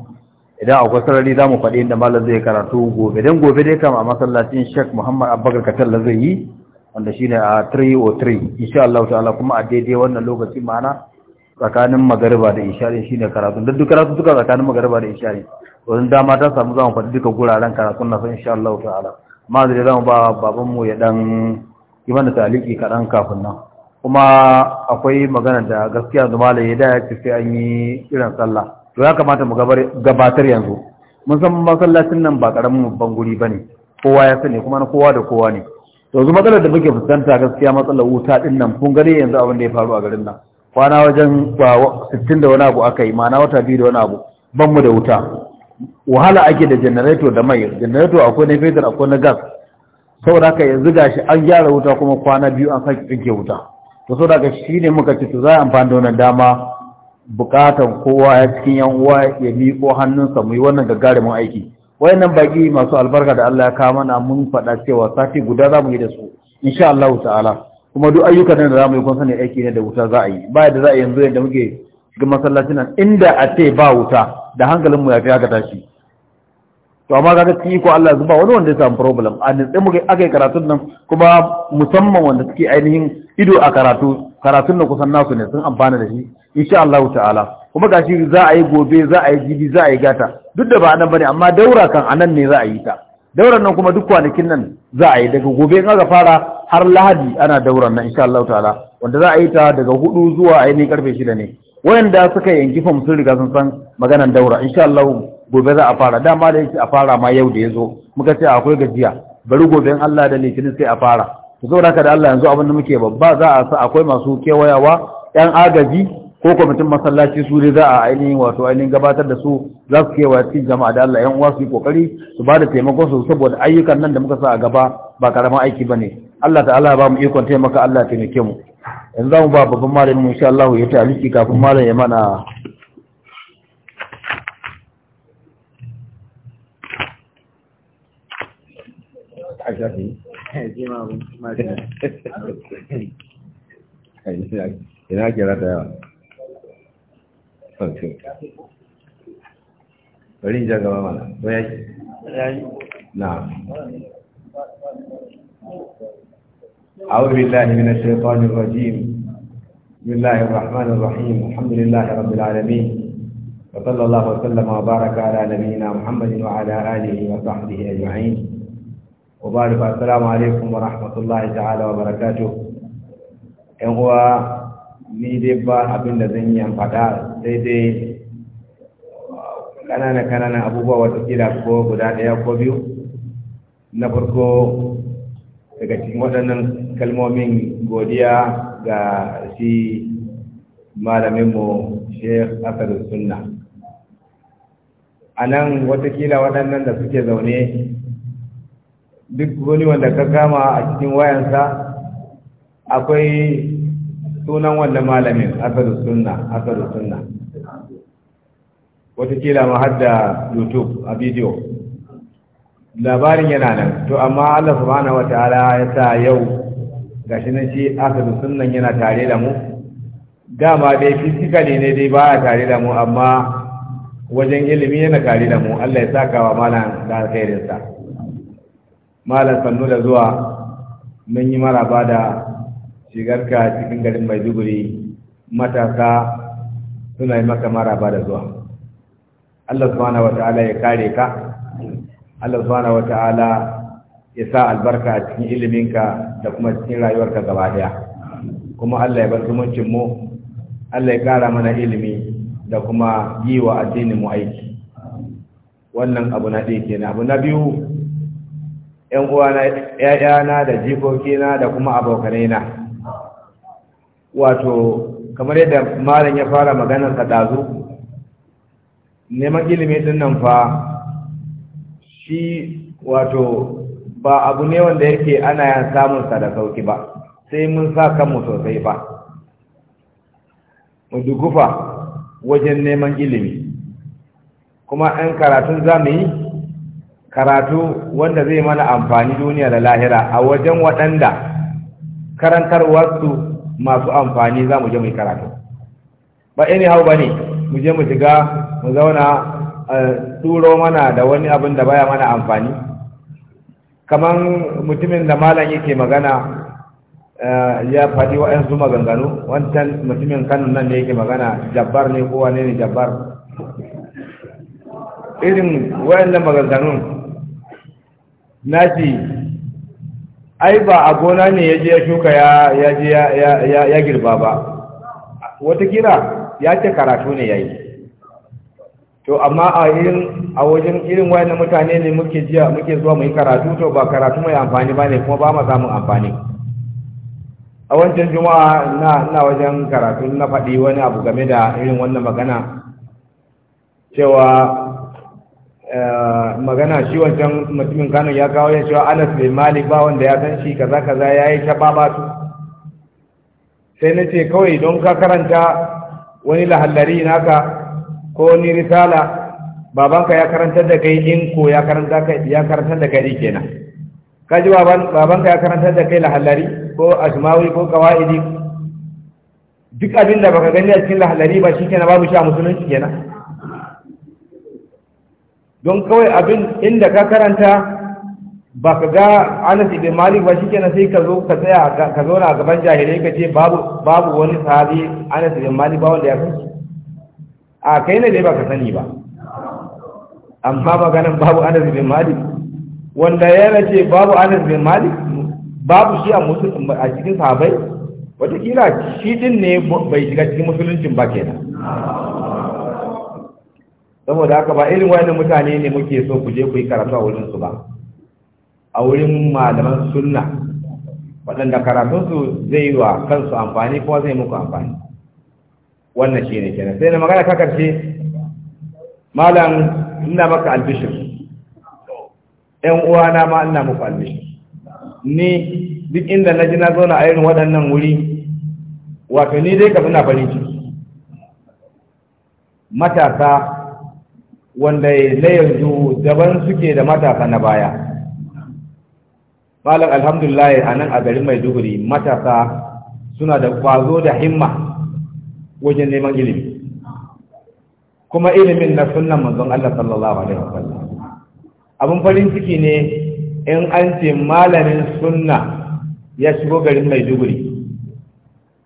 idan akwai sarari za mu faɗi inda malam zai karatu gobe don gobe dai kama a masallacin sheikh muhammad abubakar katalla zai yi wanda shine a 303 insha Allah ta'ala kuma a daidai wannan lokaci mana tsakanin magariba da isha din shine karatu duk karatu suka tsakanin magariba da isha ne dama ta samu zamu faɗi duka guraren karatun na san insha Allah ta'ala amma zai zamu ba baban mu ya dan yi mana taliki kaɗan kafin nan kuma akwai magana da gaskiya da ya da ya ce sai an yi irin sallah to ya kamata mu gabatar yanzu mun san masallacin nan ba karamin babban guri bane kowa ya sani kuma na kowa da kowa ne to yanzu matsalar da muke fuskanta gaskiya matsalar wuta din nan kun gani yanzu abin da ya faru a garin nan kwana wajen 60 da wani abu aka yi ma'ana wata biyu da wani abu ban mu da wuta wahala ake da janareto da mai janareto akwai na fetur akwai na gas saboda haka yanzu gashi an gyara wuta kuma kwana biyu an sake tsinke wuta to saboda haka shine muka ce to za a amfani da wannan dama bukatan kowa ya cikin yan uwa ya miƙo hannunsa mu yi wannan gagarumin aiki wayannan baki masu albarka da Allah ya kawo mana mun faɗa cewa sati guda za mu yi da su insha Allah ta'ala kuma duk ayyukan da za mu yi kun sani aiki ne da wuta za a yi ba da za a yanzu yadda muke cikin masallacin nan inda a ce ba wuta da hankalin mu ya fi haka tashi to amma kaga ci ko Allah zuba wani wanda ya samu problem a nitsi muke aka karatun nan kuma musamman wanda suke ainihin ido a karatu karatun nan kusan nasu ne sun amfana da shi insha Allah ta'ala kuma gashi za a yi gobe za a yi jibi za a yi gata duk da ba nan bane amma daura kan anan ne za a yi ta dauran nan kuma duk kwanakin nan za a yi daga gobe in aka fara har lahadi ana dauran nan insha Allah ta'ala wanda za a yi ta daga hudu zuwa ainihin karfe shida ne wayanda suka yanki fam sun riga sun san maganan daura insha Allah gobe za a fara dama da yake a fara ma yau da yazo muka ce akwai gajiya bari gobe in Allah da litinin sai a fara ku zo da Allah yanzu abin da muke babba za a sa akwai masu kewayawa yan agaji ko kwamitin masallaci su ne za a ainihin wato ainihin gabatar da su za su kewa cikin jama'a da Allah yan uwa su yi kokari su ba da taimakon su saboda ayyukan nan da muka sa a gaba ba karamin aiki ba bane Allah ta'ala ba mu ikon taimaka Allah taimake mu yanzu za mu ba babban malamin insha Allah ya ta'aliki kafin malam ya mana ina kira ta yawa ok bari ja أعوذ بالله من الشيطان الرجيم بسم الله الرحمن الرحيم الحمد لله رب العالمين وصلى الله وسلم وبارك على نبينا محمد وعلى آله وصحبه أجمعين وبارك السلام عليكم ورحمة الله تعالى وبركاته إن ni dai ba abin da zan yi faɗa sai dai ƙananan abubuwa kira ko guda ɗaya ko biyu na farko daga cikin waɗannan kalmomin godiya ga shi malaminmu sheikh asar sunna a nan watakila waɗannan da suke zaune duk wani wanda ka kama a cikin wayansa akwai sunan wannan malamin asadu sunna asadu sunna watakila ma hadda youtube a bidiyo labarin yana nan to amma allah subhanahu wataala ta'ala ya sa yau gashi nan shi asadu sunnan yana tare da mu dama dai fisikali ne dai ba tare da mu amma wajen ilimi yana tare da mu allah ya saka wa malam da alkhairinsa malam sannu da zuwa mun yi maraba da shigarka cikin garin maiduguri matasa suna yi maka maraba da zuwa Allah subhanahu wa ta'ala ya kare ka Allah subhanahu wa ta'ala ya sa albarka a cikin iliminka da kuma cikin rayuwarka gaba daya kuma Allah ya bar zumuncin mu Allah ya kara mana ilimi da kuma yi wa addinin mu aiki wannan abu na ɗaya kenan abu na biyu ƴan uwana ƴaƴana da jikokina da kuma abokanaina na wato kamar yadda malam ya fara maganar sa dazu neman ilimi din nan fa shi wato ba abu ne wanda yake ana samun sa da sauki ba sai mun sa kanmu sosai ba mu dugufa wajen neman ilimi kuma ɗan karatun za mu yi karatu wanda zai mana amfani duniya da lahira a wajen waɗanda karantarwarsu masu amfani za mu je mai karatu ba ini hau ba ne mu je mu shiga mu zauna turo mana da wani abin da baya mana amfani kamar mutumin da malam yake magana ya faɗi waɗansu maganganu wancan mutumin kanun nan da yake magana jabbar ne ko wane ne jabbar irin waɗannan maganganun nashi ai ba a gona ne ya je ya shuka ya girba ba watakila ya ce karatu ne ya yi to amma a irin a wajen irin wayannan mutane ne muke jiya muke zuwa mu yi karatu to ba karatu mai amfani ba ne kuma ba ma samun amfani a wancan juma'a na na wajen karatu na faɗi wani abu game da irin wannan magana cewa Eh, magana shi wancan mutumin Kano ya kawo ya cewa Anas bin Malik ba wanda ya san shi kaza kaza yi ta babatu sai na ce kawai don ka karanta wani lahallari naka ko ni risala babanka ya karanta da kai in ko ya karanta ka ya karanta da kai kenan kaji baban babanka ya karanta da kai lahallari ko asmawi ko qawaidi duk abin da baka gani a cikin lahallari ba shi kenan babu shi a musulunci kenan don kawai abin inda ka karanta ba ka ga anas ibn malik ba shikenan sai ka zo ka tsaya ka zo na gaban jahilai ka ce babu wani sahabi anas ibn malik ba wanda ya kai? a kai ne dai ba ka sani ba amma maganan babu anas ibn malik wanda ya race babu anas ibn malik babu shi a a cikin sahabai wataƙila shi din ne bai shiga cikin musuluncin ba kenan saboda haka ba irin wani mutane ne muke so ku je ku yi karatu a wurinsu ba a wurin malaman sunna waɗanda karatunsu zai yi wa kansu amfani kuma zai muku amfani wannan shi ne kenan sai na magana ta karshe malam ina maka albishir ‘yan uwana ma ina muku albishir ni duk inda na ji na zauna a irin waɗannan wuri wato ni dai ka suna farin ciki matasa wanda na yanzu daban suke da matasa na baya malam alhamdulillah a nan a garin maiduguri matasa suna da kwazo da himma wajen neman ilimi kuma ilimin na sunan manzon Allah sallallahu alaihi wasallam Abin farin ciki ne in an ce malamin sunna ya shigo garin maiduguri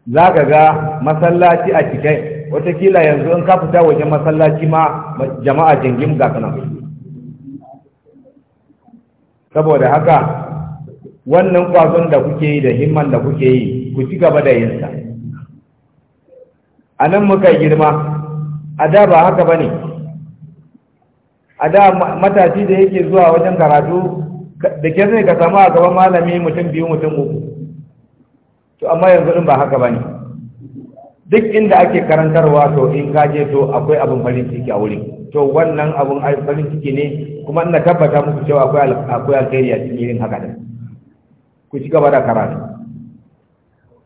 za ka ga masallaci a cikin watakila yanzu in ka fita wajen masallaci ma jama'a jingim ga kana saboda haka wannan kwazon da kuke yi da himman da kuke yi ku ci gaba da yinsa a nan muka girma a da ba haka ba ne a da matashi da yake zuwa wajen karatu da ke zai ka samu a gaban malami mutum biyu mutum uku to amma yanzu ɗin ba haka ba ne duk inda ake karantarwa to in ka je to akwai abin farin ciki a wurin to wannan abin farin ciki ne kuma ina tabbata muku cewa akwai akwai alheri a cikin irin haka din ku ci gaba da karatu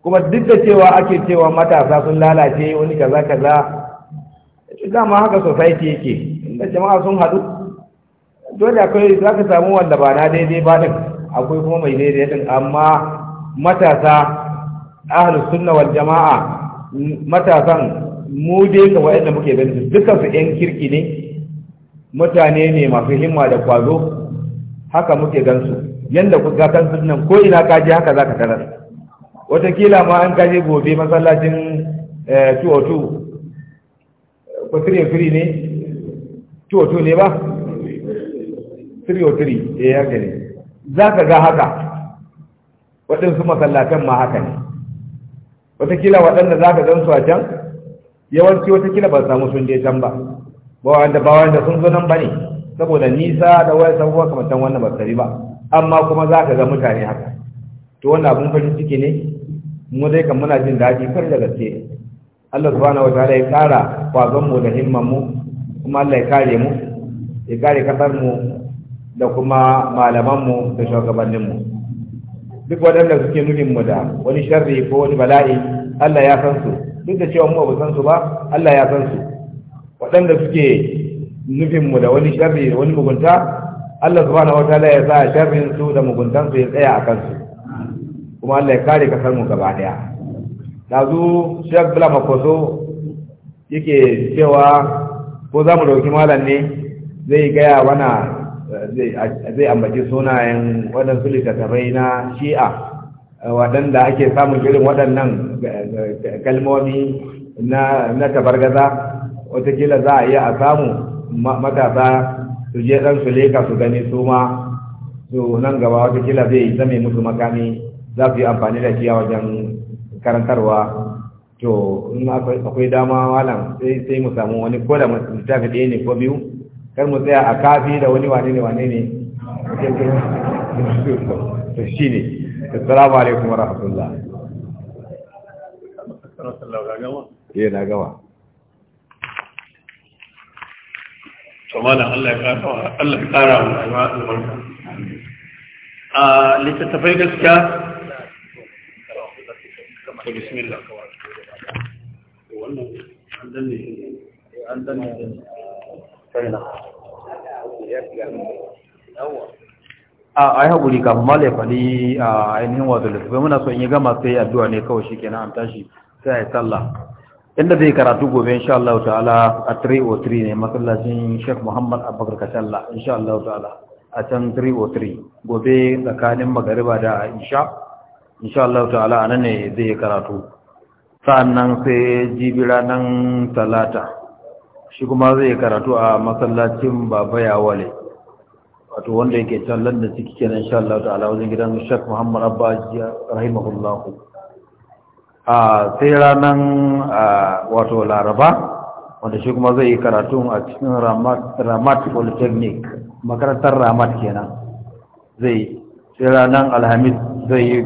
kuma duk da cewa ake cewa matasa sun lalace wani kaza kaza ma haka society yake inda jama'a sun haɗu dole akwai za ka samu wanda ba na daidai ba din akwai kuma mai daidai din amma matasa ahlus sunna wal jama'a matasan mu dai ga wa'anda muke ganin dukkan su ɗan kirki ne mutane ne masu himma da kwazo haka muke gansu yanda ku ga kansu nan ko ina ka je haka zaka tarar watakila ma an kaje gobe masallacin 202 eh, ko 303 ne 202 ne ba 303 eh haka ne zaka ga haka waɗansu masallatan ma haka ne watakila waɗanda za ka gansu a can yawanci watakila ba samu sun je can ba ba wanda ba wanda sun zo nan ba ne saboda nisa da waya sabuwa kamar can wannan ba ba amma kuma za ka ga mutane haka to wannan abin farin ciki ne mu dai kan muna jin daɗi kar da gaske Allah subhanahu ta'ala ya kara kwazon mu da himman mu kuma Allah ya kare mu ya kare kasar mu da kuma malaman mu da shugabannin mu duk waɗanda suke nunin mu da wani sharri ko wani bala'i Allah ya san su duk da cewa mu ba san su ba Allah ya san su waɗanda suke nufin mu da wani sharri wani mugunta Allah subhanahu wataala ya sa sharrin su da muguntan su ya tsaya a kansu kuma Allah ya kare kasar mu gaba daya dazu Sheikh Bala Makoso yake cewa ko za mu dauki malam ne zai gaya wana zai ambaci sunayen waɗansu littattafai na shi'a eh, waɗanda ake samun irin waɗannan eh, eh, kalmomi na tabargaza watakila za a iya a samu matasa su je ɗan su leka su gani su ma su nan gaba watakila zai zame musu makami za su yi amfani da shi a wajen karantarwa to in akwai dama malam sai mu samu wani ko da littafi ɗaya ne ko biyu kar mu tsaya a kafi da wani wane ne wane ne to shi ne assalamu alaikum wa rahmatullah eh na gama to malam Allah ya kara Allah ya kara mu rayuwa albarka a littattafai gaskiya to bismillah wannan an danne eh, an danne a yi haƙuri kafin malai fali a ainihin wato littafai muna so in yi gama sai addu'a ne kawai shi kenan an tashi sai a yi sallah inda zai karatu gobe insha Allah ta'ala a 303 ne masallacin Sheikh Muhammad Abubakar Kashalla insha Allah ta'ala a can 303 gobe tsakanin magariba da insha insha Allah ta'ala nan ne zai karatu nan sai jibira nan talata shi kuma zai karatu a masallacin baba ya wale wato wanda yake can da ciki kenan insha Allah ta'ala wajen gidan Sheikh Muhammad Abba Jiya rahimahullah a sai ranan wato Laraba wanda shi kuma zai karatu a cikin Ramat Ramat Polytechnic makarantar Ramat kenan zai sai ranan Alhamis zai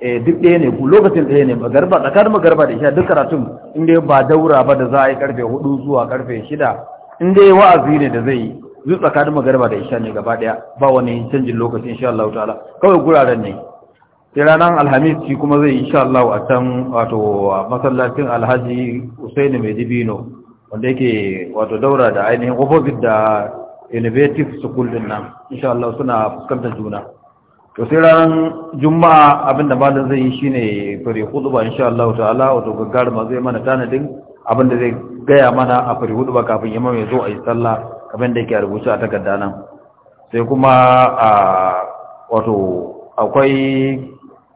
Eh, duk ɗaya ne ku lokacin ɗaya ne magarba tsakar magarba da isha duk karatun inda ba daura ba da za a yi karfe hudu zuwa karfe shida inda ya wa'azi ne da zai yi duk tsakar magarba da isha ne gaba ɗaya ba wani canjin lokacin, insha Allah ta'ala kawai guraren ne sai ranar alhamis shi kuma zai insha Allah a can wato masallacin alhaji usaini mai dibino wanda yake wato daura da ainihin opposite da innovative school din nan insha Allah suna fuskantar juna to sai ranar juma'a abinda malam zai yi shine fari hudu ba insha Allah ta'ala wato gaggar ma zai mana tanadin abinda zai gaya mana a fari hudu ba kafin ya ya zo a yi sallah kamar da yake rubuta a takarda nan sai kuma a wato akwai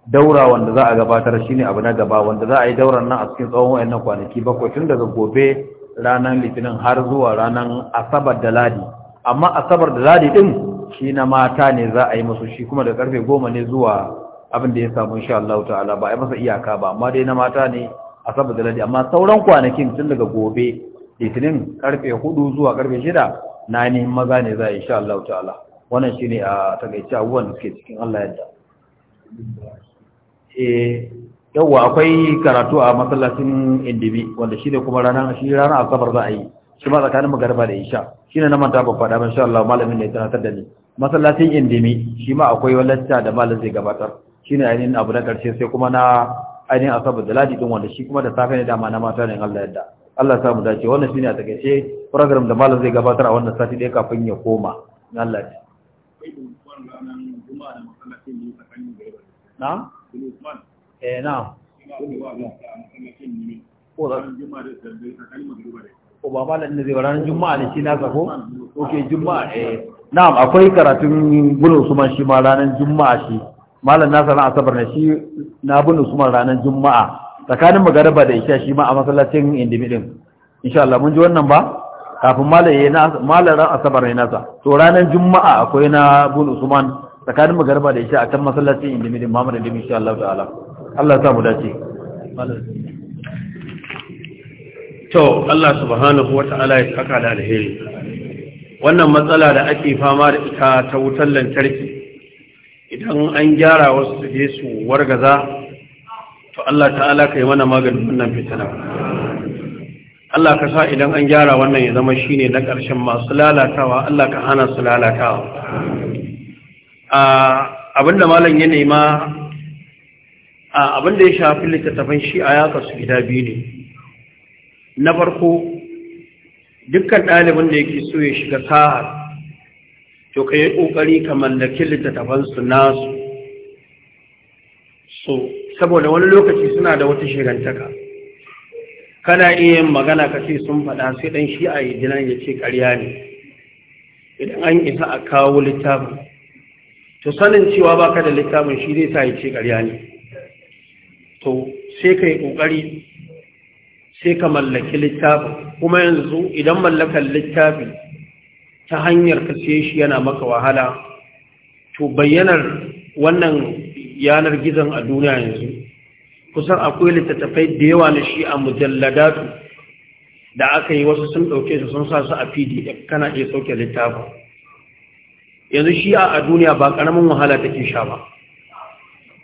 daura wanda za a gabatar shine abu na gaba wanda za a yi daura nan a cikin tsawon wayannan kwanaki bakwai tun daga gobe ranar litinin har zuwa ranar asabar da ladi amma asabar da ladi din shi na mata ne za a yi musu shi kuma da karfe goma ne zuwa abin da ya samu insha Allah ta'ala ba a yi masa iyaka ba amma dai na mata ne a saboda ladi amma sauran kwanakin tun daga gobe litinin karfe hudu zuwa karfe shida na ainihin maza ne za a yi insha Allah ta'ala wannan shi ne a takaice abubuwan da suke cikin Allah yadda eh, Yau yawwa akwai karatu a masallacin indibi wanda shi ne kuma ranar shi ranar asabar za a yi shi ma tsakanin magarba da isha shi ne na manta ba faɗa ban sha Allah malamin ne tunatar da ni masallacin indimi shi ma akwai walacca da malam zai gabatar shi ne ainihin abu na ƙarshe sai kuma na ainihin asabar da ladi ɗin wanda shi kuma da safe ne dama na mata ne Allah yadda Allah samu dace wannan shi ne a takaice program da malam zai gabatar a wannan sati ɗaya kafin ya koma na Allah ya na? eh na ko da ko ba malam ne zai ba ranar juma'a ne shi na ko, oke juma'a eh na'am akwai karatun gulu usman shi ma ranar juma'a shi malam na sanar asabar ne shi na bin usman ranar juma'a tsakanin magariba da isha shi ma a masallacin indimidin insha Allah mun ji wannan ba kafin malam ya na malam ran asabar ne nasa to ranar juma'a akwai na bin usman tsakanin magariba da isha a kan masallacin indimidin ma mun da insha Allah ta'ala Allah ya sa mu dace malam to Allah subhanahu wa ta'ala ya saka da alheri wannan matsala da ake fama da ita ta wutar lantarki idan an gyara wasu su je su wargaza to Allah ta'ala kai mana maganin wannan fitina Allah ka sa idan an gyara wannan ya zama shine na ƙarshen masu lalatawa Allah ka hana su lalatawa a abinda malam ya nema a abinda ya shafi littattafan shi'a ya kasu gida biyu ne na farko dukkan ɗalibin da yake so ya shiga sahar to ka yi ƙoƙari ka mallaki littattafansu nasu so saboda wani lokaci suna da wata shigantaka kana iya yin magana ka ce sun faɗa sai ɗan shi a yi ya ce ƙarya ne idan an isa a kawo littafin to sanin cewa baka da littafin shi zai sa ya ce ƙarya ne to sai ka yi ƙoƙari sai ka mallaki littafin kuma yanzu idan mallakan littafi ta hanyar ka shi yana maka wahala to bayyanar wannan yanar gizon a duniya yanzu kusan akwai littattafai da yawa na shi a mujalladatu da aka yi wasu sun ɗauke su sun sa su a pdf kana iya sauke littafin yanzu shi a duniya ba ƙaramin wahala take sha ba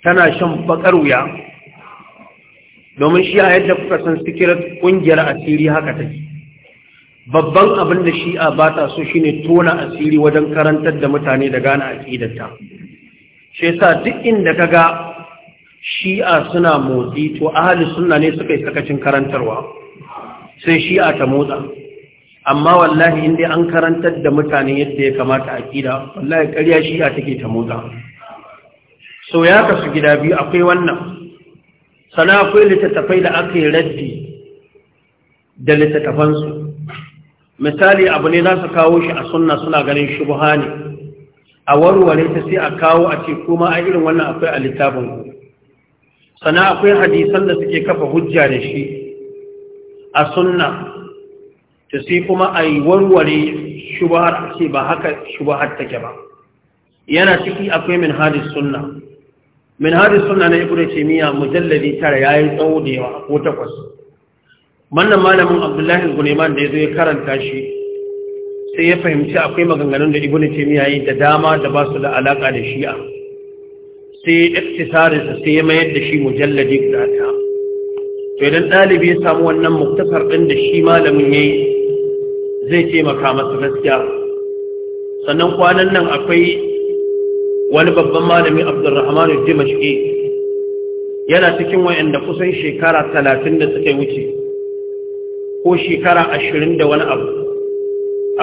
tana shan bakar wuya domin shi'a yadda kuka san sikirar ƙungiyar asiri haka take babban abin da shi'a ba ta so shine tona asiri wajen karantar da mutane da gane aƙidarta shi sa duk inda ka ga shi'a suna motsi to ahalin suna ne suka yi sakacin karantarwa sai shi'a ta motsa amma wallahi inda an karantar da mutane yadda ya kamata aƙida wallahi karya shi'a take ta motsa so ya kasu gida biyu akwai wannan sana akwai littattafai da aka yi raddi da littattafansu misali abu ne za su kawo shi a sunna suna ganin shubha ne a warware ta sai a kawo a ce kuma a irin wannan akwai a littafin ku sana akwai hadisan da suke kafa hujja da shi a sunna ta sai kuma a yi warware shubahar ce ba haka shubahar take ba yana ciki akwai min hadis sunna min hadis sunna na ibnu taymiya mujalladi tara yayi tsawo da yawa ko takwas wannan malamin abdullahi guleman da yazo ya karanta shi sai ya fahimci akwai maganganun da ibnu taymiya yayi da dama da ba su da alaka da shi'a sai iktisarin sa sai ya mayar da shi mujalladi guda ta to idan dalibi ya samu wannan muktasar din da shi malamin yayi zai taimaka masa gaskiya sannan kwanan nan akwai wani babban malami abdurrahman dimashqi yana cikin wayanda kusan shekara talatin da suka wuce ko shekara ashirin da wani abu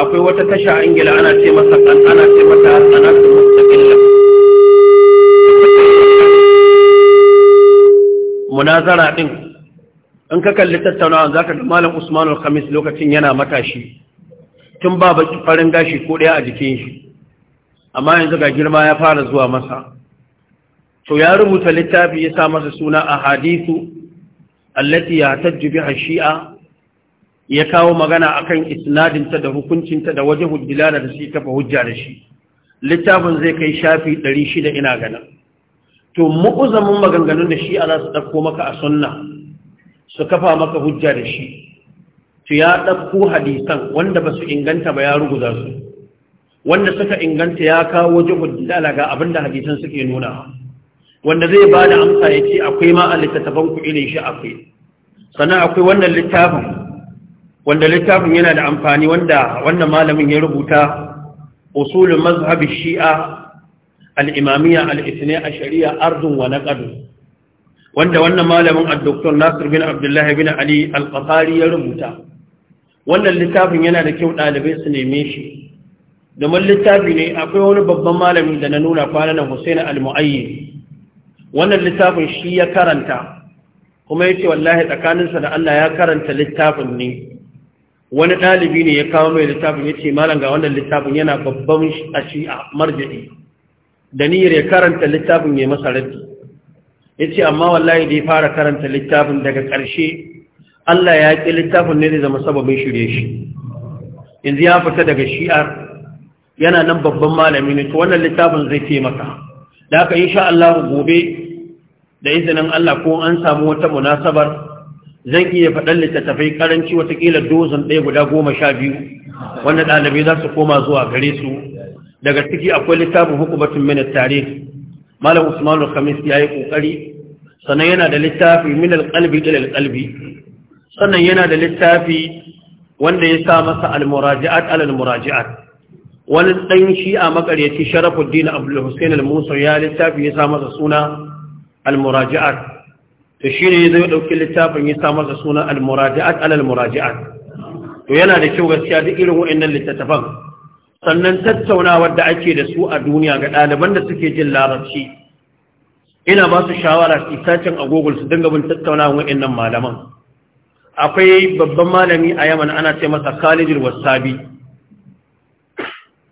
akwai wata tasha a ingila ana ce masa kan ana ce mata masa mustaqilla munazara din in ka kalli tattaunawa zaka ga malam usman al-khamis lokacin yana matashi tun ba baki farin gashi ko daya a jikin shi amma yanzu ga girma ya fara zuwa masa to ya rubuta littafi ya sa masa suna a hadithu allati ya tajju a shi'a ya kawo magana akan isnadinta da hukuncinta da waje hujjilana da shi tafa hujja da shi littafin zai kai shafi 600 ina gana to mu'uzamin maganganun da shi ala su ɗauko maka a sunna su kafa maka hujja da shi to ya ɗauko hadisan wanda ba su inganta ba ya rubuta su wanda suka inganta ya kawo jihun didala ga abinda hadisan suke nuna wanda zai ba da amsa ya ce akwai ma a littattafan ku irin shi akwai sannan akwai wannan littafin wanda littafin yana da amfani wanda wannan malamin ya rubuta usulun mazhabi shi'a Alimamiya, al'isne a shari'a arzun wa naƙadu wanda wannan malamin a doktor nasir bin abdullahi bin ali al ya rubuta wannan littafin yana da kyau ɗalibai su neme shi domin littafi ne akwai wani babban malami da na nuna kwanan Hussein al-Mu'ayyi wannan littafin shi ya karanta kuma yace wallahi tsakaninsa da Allah ya karanta littafin ne wani ɗalibi ne ya kawo mai littafin yace malam ga wannan littafin yana babban shi shi'a marja'i da niyyar ya karanta littafin ya masa raddi yace amma wallahi da ya fara karanta littafin daga ƙarshe Allah ya ƙi littafin ne zai zama sababin shirye shi yanzu ya fita daga shi'ar yana nan babban malami ne to wannan littafin zai taimaka da haka insha Allah gobe da izinin Allah ko an samu wata munasabar zan iya faɗan littattafai karanci watakila dozin ɗaya guda goma sha biyu wanda ɗalibai za su koma zuwa gare su daga ciki akwai littafin hukumatun min tare. malam Usman khamis ya yi ƙoƙari. sannan yana da littafi min alƙalbi, ila al sannan yana da littafi wanda ya sa masa al-muraji'at al wani ɗan shi'a makaryaci sharafuddin abdul al-musa ya littafi ya sa masa suna al-muraji'at to shine zai dauki littafin ya sa masa suna al-muraji'at al-muraji'at to yana da kyau gaskiya duk irin wa'annan littattafan sannan tattaunawar da ake da su a duniya ga ɗaliban da suke jin larabci ina ba su shawara su sacin a google su dinga bin tattaunawa wa'annan malaman akwai babban malami a yaman ana ce masa khalid wasabi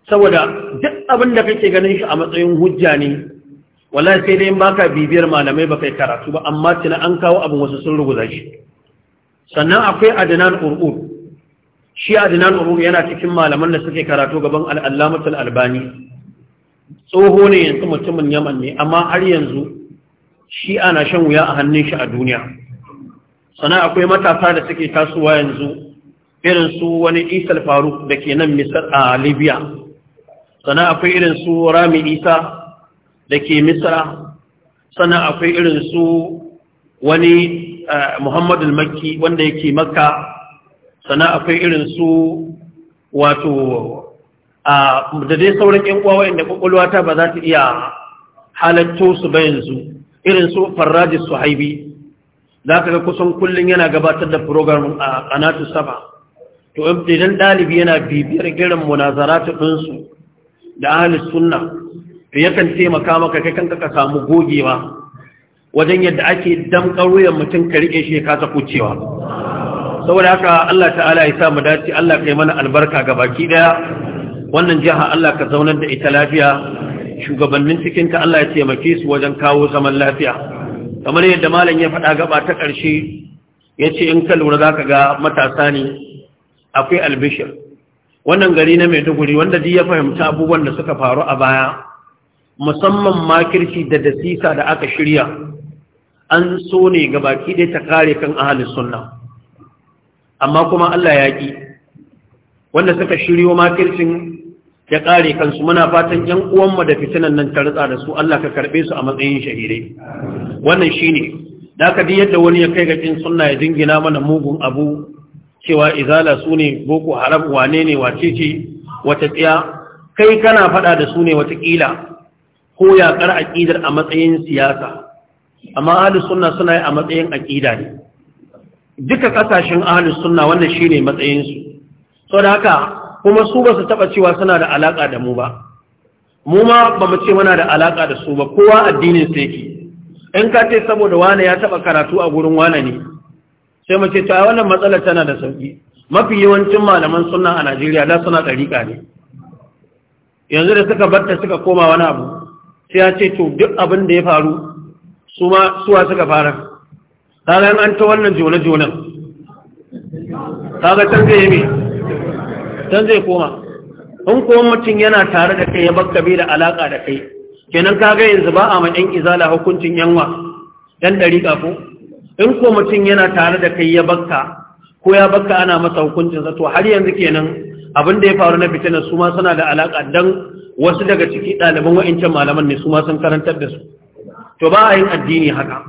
saboda duk abin da kake ganin shi a matsayin hujja ne wala sai dai baka bibiyar malamai ba kai karatu ba amma tuna an kawo abin wasu sun ruguza shi sannan akwai adnan urur shi adnan urur yana cikin malaman da suke karatu gaban al albani tsoho ne yanzu mutumin yaman ne amma har yanzu shi ana shan wuya a hannun shi a duniya sana akwai matasa da suke tasowa yanzu irin su wani isal faruk da ke nan misar a libya sannan akwai irin su rami isa da ke misra sannan akwai irin su wani eh, muhammadu makki wanda yake makka sannan akwai irin su wato da dai sauran yan uwa inda kwakwalwa ta ba za ta iya halatto su ba yanzu irin su farraji su haibi za ka ga kusan kullum yana gabatar da program a kanatu saba to idan ɗalibi yana bibiyar girin ta ɗinsu da ahlus sunna yakan taimaka maka kai kanka ka samu gogewa wajen yadda ake damƙar wuyan mutum ka riƙe shi ka sako cewa saboda haka Allah ta'ala ya sa mu dace Allah kai mana albarka ga baki daya wannan jiha Allah ka zaunar da ita lafiya shugabannin cikin Allah ya taimake su wajen kawo zaman lafiya kamar yadda malam ya faɗa gaba ta ƙarshe yace in ka lura zaka ga matasa ne akwai albishir wannan gari na mai maiduguri wanda duk ya fahimci abubuwan da suka faru a baya musamman makirci da dasisa da aka shirya an so ne ga baki ɗaya ta kare kan ahalin sunna amma kuma Allah ya ƙi wanda suka shiryo makircin ya kare kansu muna fatan ‘yan uwanmu da fitinan nan ta rutsa da su Allah ka karɓe su a matsayin shahire wannan shine ne da aka yadda wani ya kai ga ƙin sunna ya jingina mana mugun abu cewa izala su ne boko haram wane ne wace ce wata tsaya? kai kana faɗa da su ne watakila ko yaƙar aƙidar a matsayin siyasa amma ahalus sunna suna yi a matsayin aƙida ne duka ƙasashen ahalus sunna wannan shi ne matsayinsu sau da haka kuma su ba su taɓa cewa suna da alaƙa da mu ba mu ma ba mu ce muna da alaƙa da su ba kowa addinin sai ki. in ka ce saboda wane ya taɓa karatu a gurin wane ne sai mu ce to a wannan matsalar tana da sauki mafi yawancin malaman sunna a Najeriya da suna ɗariƙa ne yanzu da suka barta suka koma wani abu sai ya ce to duk abin da ya faru su ma suwa suka fara ranar an ta wannan jone-jonen kaga can zai yi can zai koma in kuma mutum yana tare da kai ya bakka bai da alaƙa da kai kenan kaga yanzu ba a ma ɗan izala hukuncin yanwa ɗan ɗari ko in ko mutum yana tare da kai ya bakka ko ya bakka ana masa hukuncin sa to har yanzu kenan abin da ya faru na fitinar su ma suna da alaka dan wasu daga ciki ɗaliban wa'incan malaman ne su ma sun karantar da su to ba a yin addini haka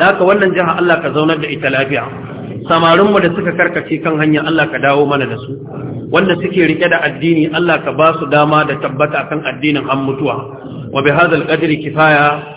da haka wannan jiha Allah ka zaunar da ita lafiya samarinmu da suka karkace kan hanya Allah ka dawo mana da su wanda suke rike da addini Allah ka ba su dama da tabbata kan addinin an mutuwa wa bi hadzal qadri kifaya